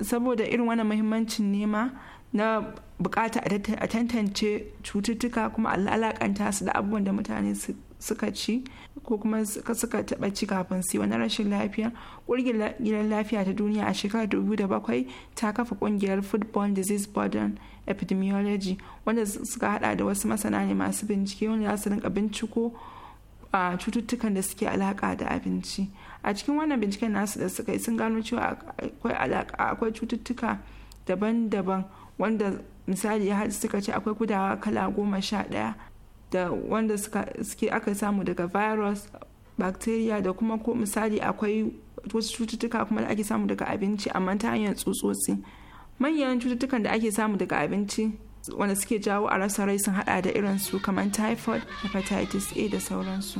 saboda irin wannan muhimmancin nema na bukata a tantance cututtuka kuma alakanta su da abubuwan da mutane suka ci ko kuma suka taba ci kafin su wani rashin lafiya ƙungiyar lafiya ta duniya a shekarar 2007 ta kafa ƙungiyar football disease burden epidemiology wanda suka hada da wasu masana ne masu bincike wanda za su rinka binciko a cututtukan da suke alaka da abinci a cikin wannan binciken nasu da suka yi sun gano cewa akwai cututtuka daban-daban wanda misali ya suka ce akwai gudawa kala goma sha ɗaya da wanda suke aka samu daga virus bacteria da kuma ko misali akwai wasu cututtuka kuma da ake samu daga abinci amma ta hanyar tsutsotsi manyan cututtukan da ake samu daga abinci wanda suke jawo a rasa rai sun hada da irin su kamar typhoid hepatitis a da sauransu.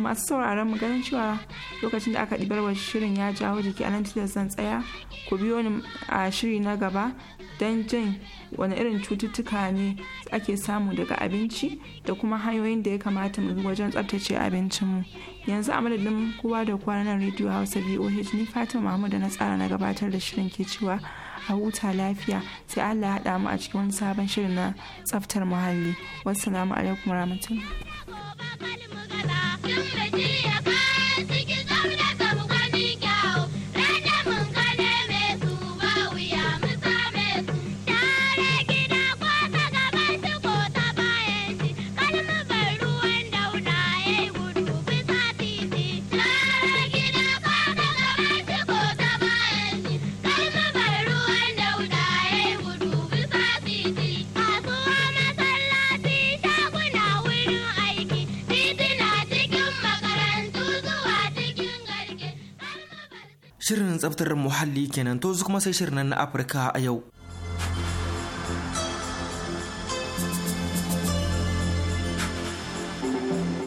masu sauraron mu ganin cewa lokacin da aka ɗibar shirin ya jawo jiki a nan zan tsaya ku biyo ni a shiri na gaba don jin wani irin cututtuka ne ake samu daga abinci da kuma hanyoyin da ya kamata mu wajen tsabtace abincinmu yanzu a madadin kowa da kowa na rediyo hausa boh ni fatima mahmud na tsara na gabatar da shirin ke cewa a huta lafiya sai allah ya haɗa mu a cikin wani sabon shirin na tsaftar muhalli salamu alaikum warahmatullahi baba balmu gaza. Jin tsaftar muhalli kenan to kuma sai shirin na Afirka a yau.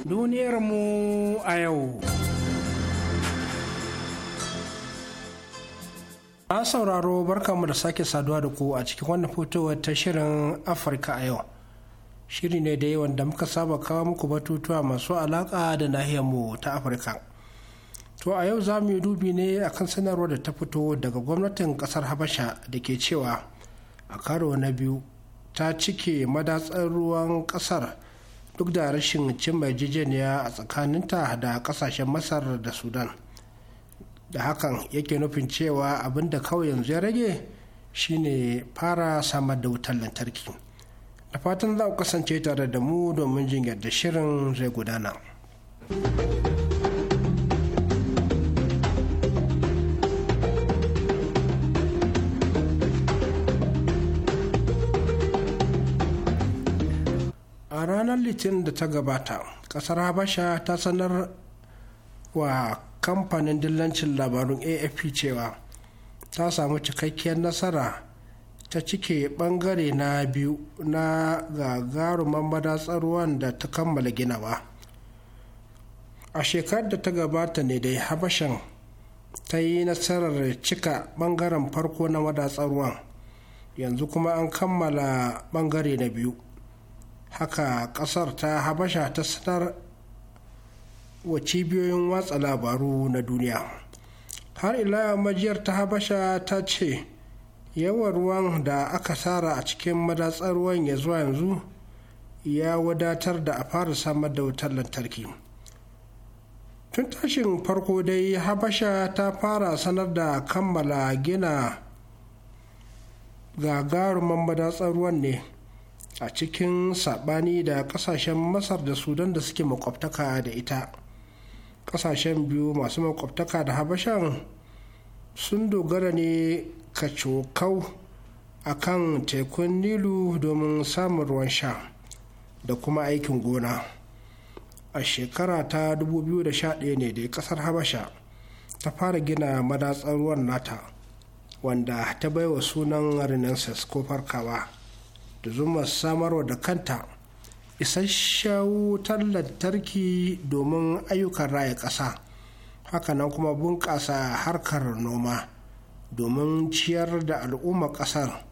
Duniyarmu a yau. a sauraro barkamu da sake saduwa da ku a cikin wannan fitowar ta shirin Afirka a yau. Shiri ne da yawan da muka saba kawo muku batutuwa masu alaƙa da nahiyarmu ta Afirka. To a yau za mu yi dubi ne akan sanarwar da ta fito daga gwamnatin kasar Habasha da ke cewa a karo na biyu ta cike madatsar ruwan kasar duk da rashin cin jijeniya a tsakaninta da kasashen Masar da Sudan. Da hakan yake nufin cewa abin da kawai yanzu ya rage shine fara samar da wutar lantarki. Da fatan za ku kasance tare da mu domin jin yadda shirin zai gudana. ranar litinin da ta gabata kasar habasha ta sanar wa kamfanin dillancin labarun afp cewa ta samu cikakkiyar nasara ta cike bangare na biyu na gagaruman madatsar ruwan da ta kammala ginawa a shekarar da ta gabata ne dai habashan ta yi nasarar cika bangaren farko na madatsar ruwan yanzu kuma an kammala bangare na biyu haka kasar ta habasha ta sanar wa cibiyoyin watsa labaru na duniya har ila majiyar ta habasha ta ce yawan ruwan da aka sara a cikin madatsar ruwan ya zuwa yanzu ya wadatar da a fara samar da wutar lantarki tun tashin farko dai habasha ta fara sanar da kammala gina gagarumin madatsar ruwan ne a cikin saɓani da ƙasashen masar da sudan da suke makwabtaka da ita ƙasashen biyu masu makwabtaka da habashan sun dogara ne kacokau a kan tekun nilu domin samun ruwan sha da kuma aikin gona a shekara ta 2011 ne da ƙasar habasha ta fara gina madatsar ruwan nata wanda ta baiwa sunan renaissance ko farkawa da zuma samarwa da kanta isasshen wutar lantarki domin ayyukan raya ƙasa hakanan kuma bunƙasa harkar noma domin ciyar da al'umma ƙasar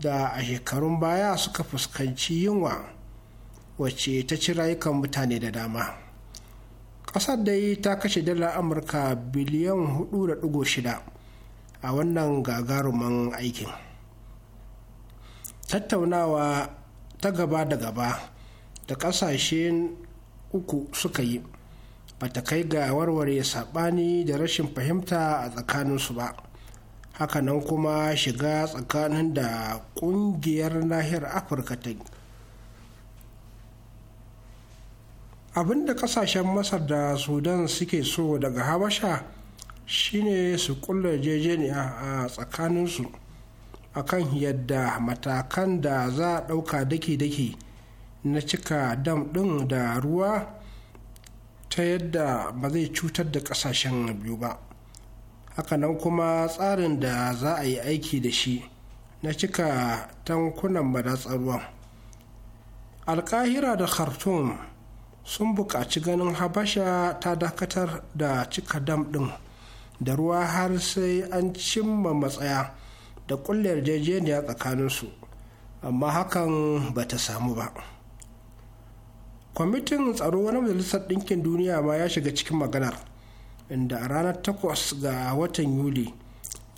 da a shekarun baya suka fuskanci yunwa wacce ta ci rayukan mutane da dama ƙasar dai ta kashe dala amurka biliyan 4.6 a wannan gagaruman aikin. tattaunawa ta gaba da gaba da ƙasashe uku suka yi ba ta kai ga warware saɓani da rashin fahimta a tsakaninsu ba hakanan kuma shiga tsakanin da ƙungiyar nahiyar afirka ta yi abinda kasashen masar da sudan suke so daga habasha shine su kulla jejeniya a tsakaninsu akan yadda matakan da za a ɗauka dake-dake na cika dam ɗin da ruwa ta yadda ba zai cutar da ƙasashen biyu ba hakanan kuma tsarin da za a yi aiki da shi na cika tankunan madatsar ruwan alkahira da khartoum sun buƙaci ganin habasha ta dakatar da cika dam ɗin da ruwa har sai an cimma matsaya da kulle yarjejeniya tsakaninsu amma hakan ba ta samu ba kwamitin tsaro wani majalisar ɗinkin duniya ma ya shiga cikin maganar inda a ranar takwas ga watan yuli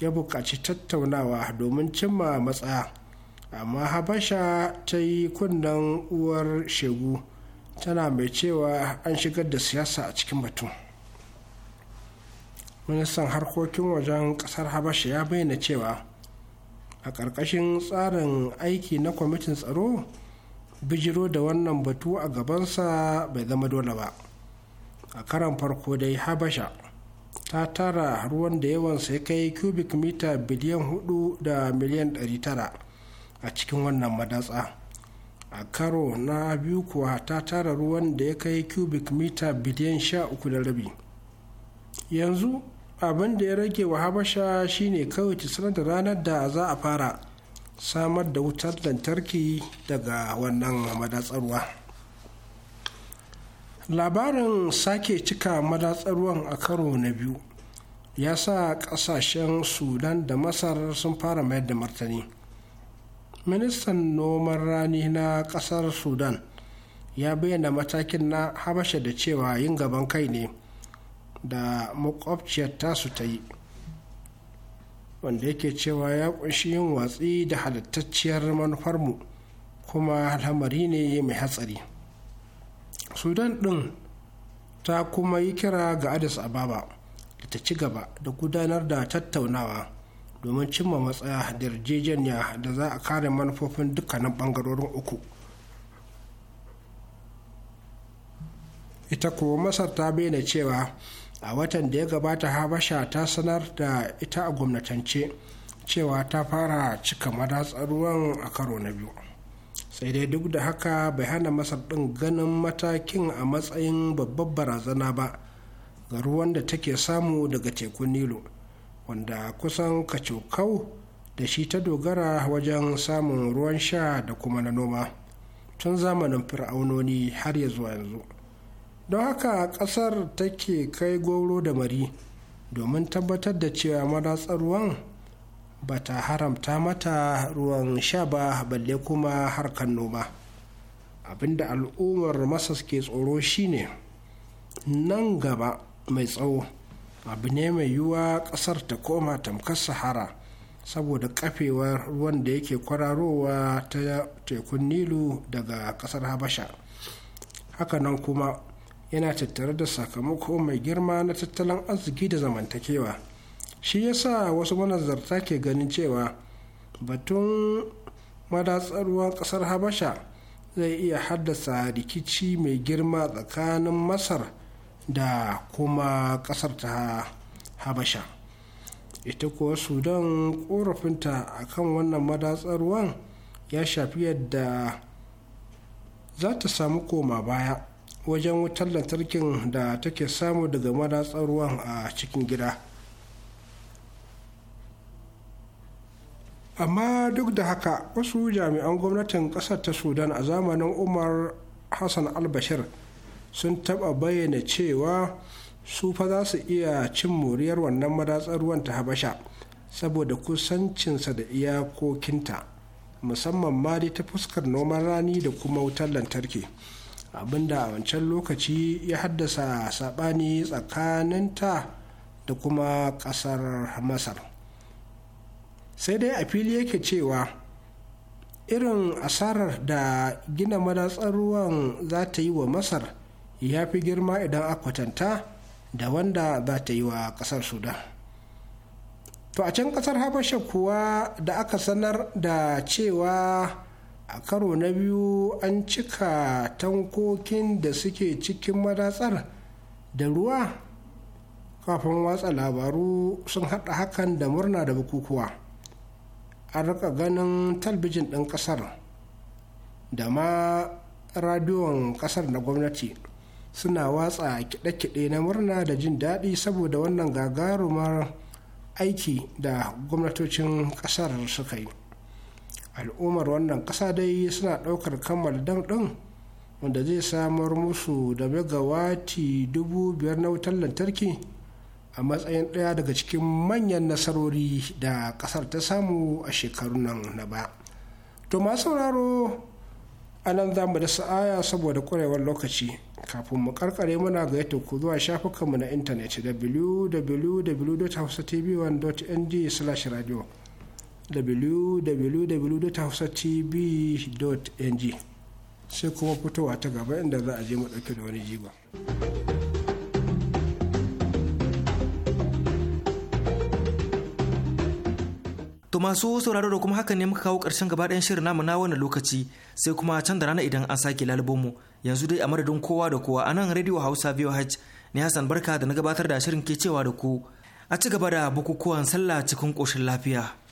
ya buƙaci tattaunawa domin cimma matsaya amma habasha ta yi kunnen uwar shegu tana mai cewa an shigar da siyasa a cikin batun ministan harkokin wajen ƙasar habasha ya bayyana cewa a ƙarƙashin tsarin aiki na kwamitin tsaro bijiro da wannan batu a gabansa bai zama dole ba a karan farko dai habasha ta tara ruwan da yawansa ya kai cubic mita biliyan 4 da miliyan 900 a cikin wannan madatsa a karo na biyu kuwa ta tara ruwan da ya kai cubic mita biliyan 13 da rabi yanzu abin da ya rage wa habasha shine kawai ta sanar da ranar da za a fara samar da wutar lantarki daga wannan madatsarwa labarin sake cika madatsarwan a karo na biyu ya sa kasashen sudan da masar sun fara mayar da martani ministan noman rani na kasar sudan ya bayyana matakin na habasha da cewa yin gaban kai ne da makwabciyar su ta yi wanda yake cewa ya ƙunshi yin watsi da halittacciyar mu, kuma alhamari ne mai hatsari sudan ɗin ta kuma yi kira ga addis ababa da ta ci gaba da gudanar da tattaunawa domin cimma matsaya da yarjejeniya da za a kare manufofin dukkanin ɓangarorin uku ita kuwa masar ta bayyana cewa a watan da ya gabata habasha ta sanar da ita a gwamnatance cewa ta fara cika madatsar ruwan a karo na biyu sai dai duk da haka bai hana masar ɗin ganin matakin a matsayin babbar barazana ba ga ruwan da take samu daga tekun nilo wanda kusan kacokau da shi ta dogara wajen samun ruwan sha da kuma na noma tun zamanin fir'aunoni har ya zuwa yanzu don haka ƙasar take kai goro da mari domin tabbatar da cewa madatsar ruwan ba ta haramta mata ruwan sha ba balle kuma harkar noma abinda al'ummar masas ke tsoro shine nan gaba mai tsawo abu ne mai yiwuwa ƙasar ta koma tamkar sahara saboda kafewar ruwan da yake kwararowa ta tekun nilu daga ƙasar habasha hakanan kuma yana tattare da sakamako mai girma na tattalin arziki da zamantakewa shi yasa wasu manazarta ke ganin cewa batun madatsar ruwan kasar habasha zai iya haddasa rikici mai girma tsakanin masar da kuma kasar ta habasha ita kuwa sudan korafinta kan wannan madatsar ya shafi yadda za ta samu koma baya wajen wutar lantarkin da take samu daga madatsar ruwan a cikin gida amma duk da haka wasu jami'an gwamnatin kasar ta sudan a zamanin umar hassan albashir sun taɓa bayyana cewa su fa za su iya cin moriyar wannan madatsar ruwan ta habasha saboda kusancinsa da iyakokinta musamman ma dai ta fuskar noman rani da kuma wutar lantarki. abinda a wancan lokaci ya haddasa saɓani tsakaninta da kuma ƙasar masar sai dai a fili yake cewa irin asarar da gina madatsar ruwan za ta yi wa masar ya fi girma idan a kwatanta da wanda za ta yi wa ƙasar sudan to a can ƙasar habasha kuwa da aka sanar da cewa a karo na biyu an cika tankokin da suke cikin madatsar da ruwa kafin watsa labaru sun haɗa hakan da murna da bukukuwa an rika ganin talbijin ɗin ƙasar da ma radiyon ƙasar na gwamnati suna watsa kiɗe-kiɗe na murna da jin daɗi saboda wannan gagarumar aiki da gwamnatocin ƙasar suka yi al'ummar wannan ƙasa dai suna ɗaukar kammala dan ɗin wanda zai samar musu da megawati dubu biyar na wutar lantarki a matsayin ɗaya daga cikin manyan nasarori da ƙasar ta samu a shekaru nan na ba to masu sauraro a nan za mu da sa'aya saboda ƙwarewar lokaci kafin mu karkare muna ga yadda ku zuwa shafukanmu na intanet www.hausatv1.ng/radio www.hausatv.ng sai kuma fitowa ta gaba inda za a je mu ɗauke da wani jiba. To masu sauraro da kuma hakan ne muka kawo ƙarshen gaba ɗayan shirin namu na wannan lokaci sai kuma can da rana idan an sake lalubo yanzu dai a madadin kowa da kowa a nan Radio Hausa VOH ne Hassan Barka da na gabatar da shirin ke cewa da ku a ci gaba da bukukuwan sallah cikin koshin lafiya.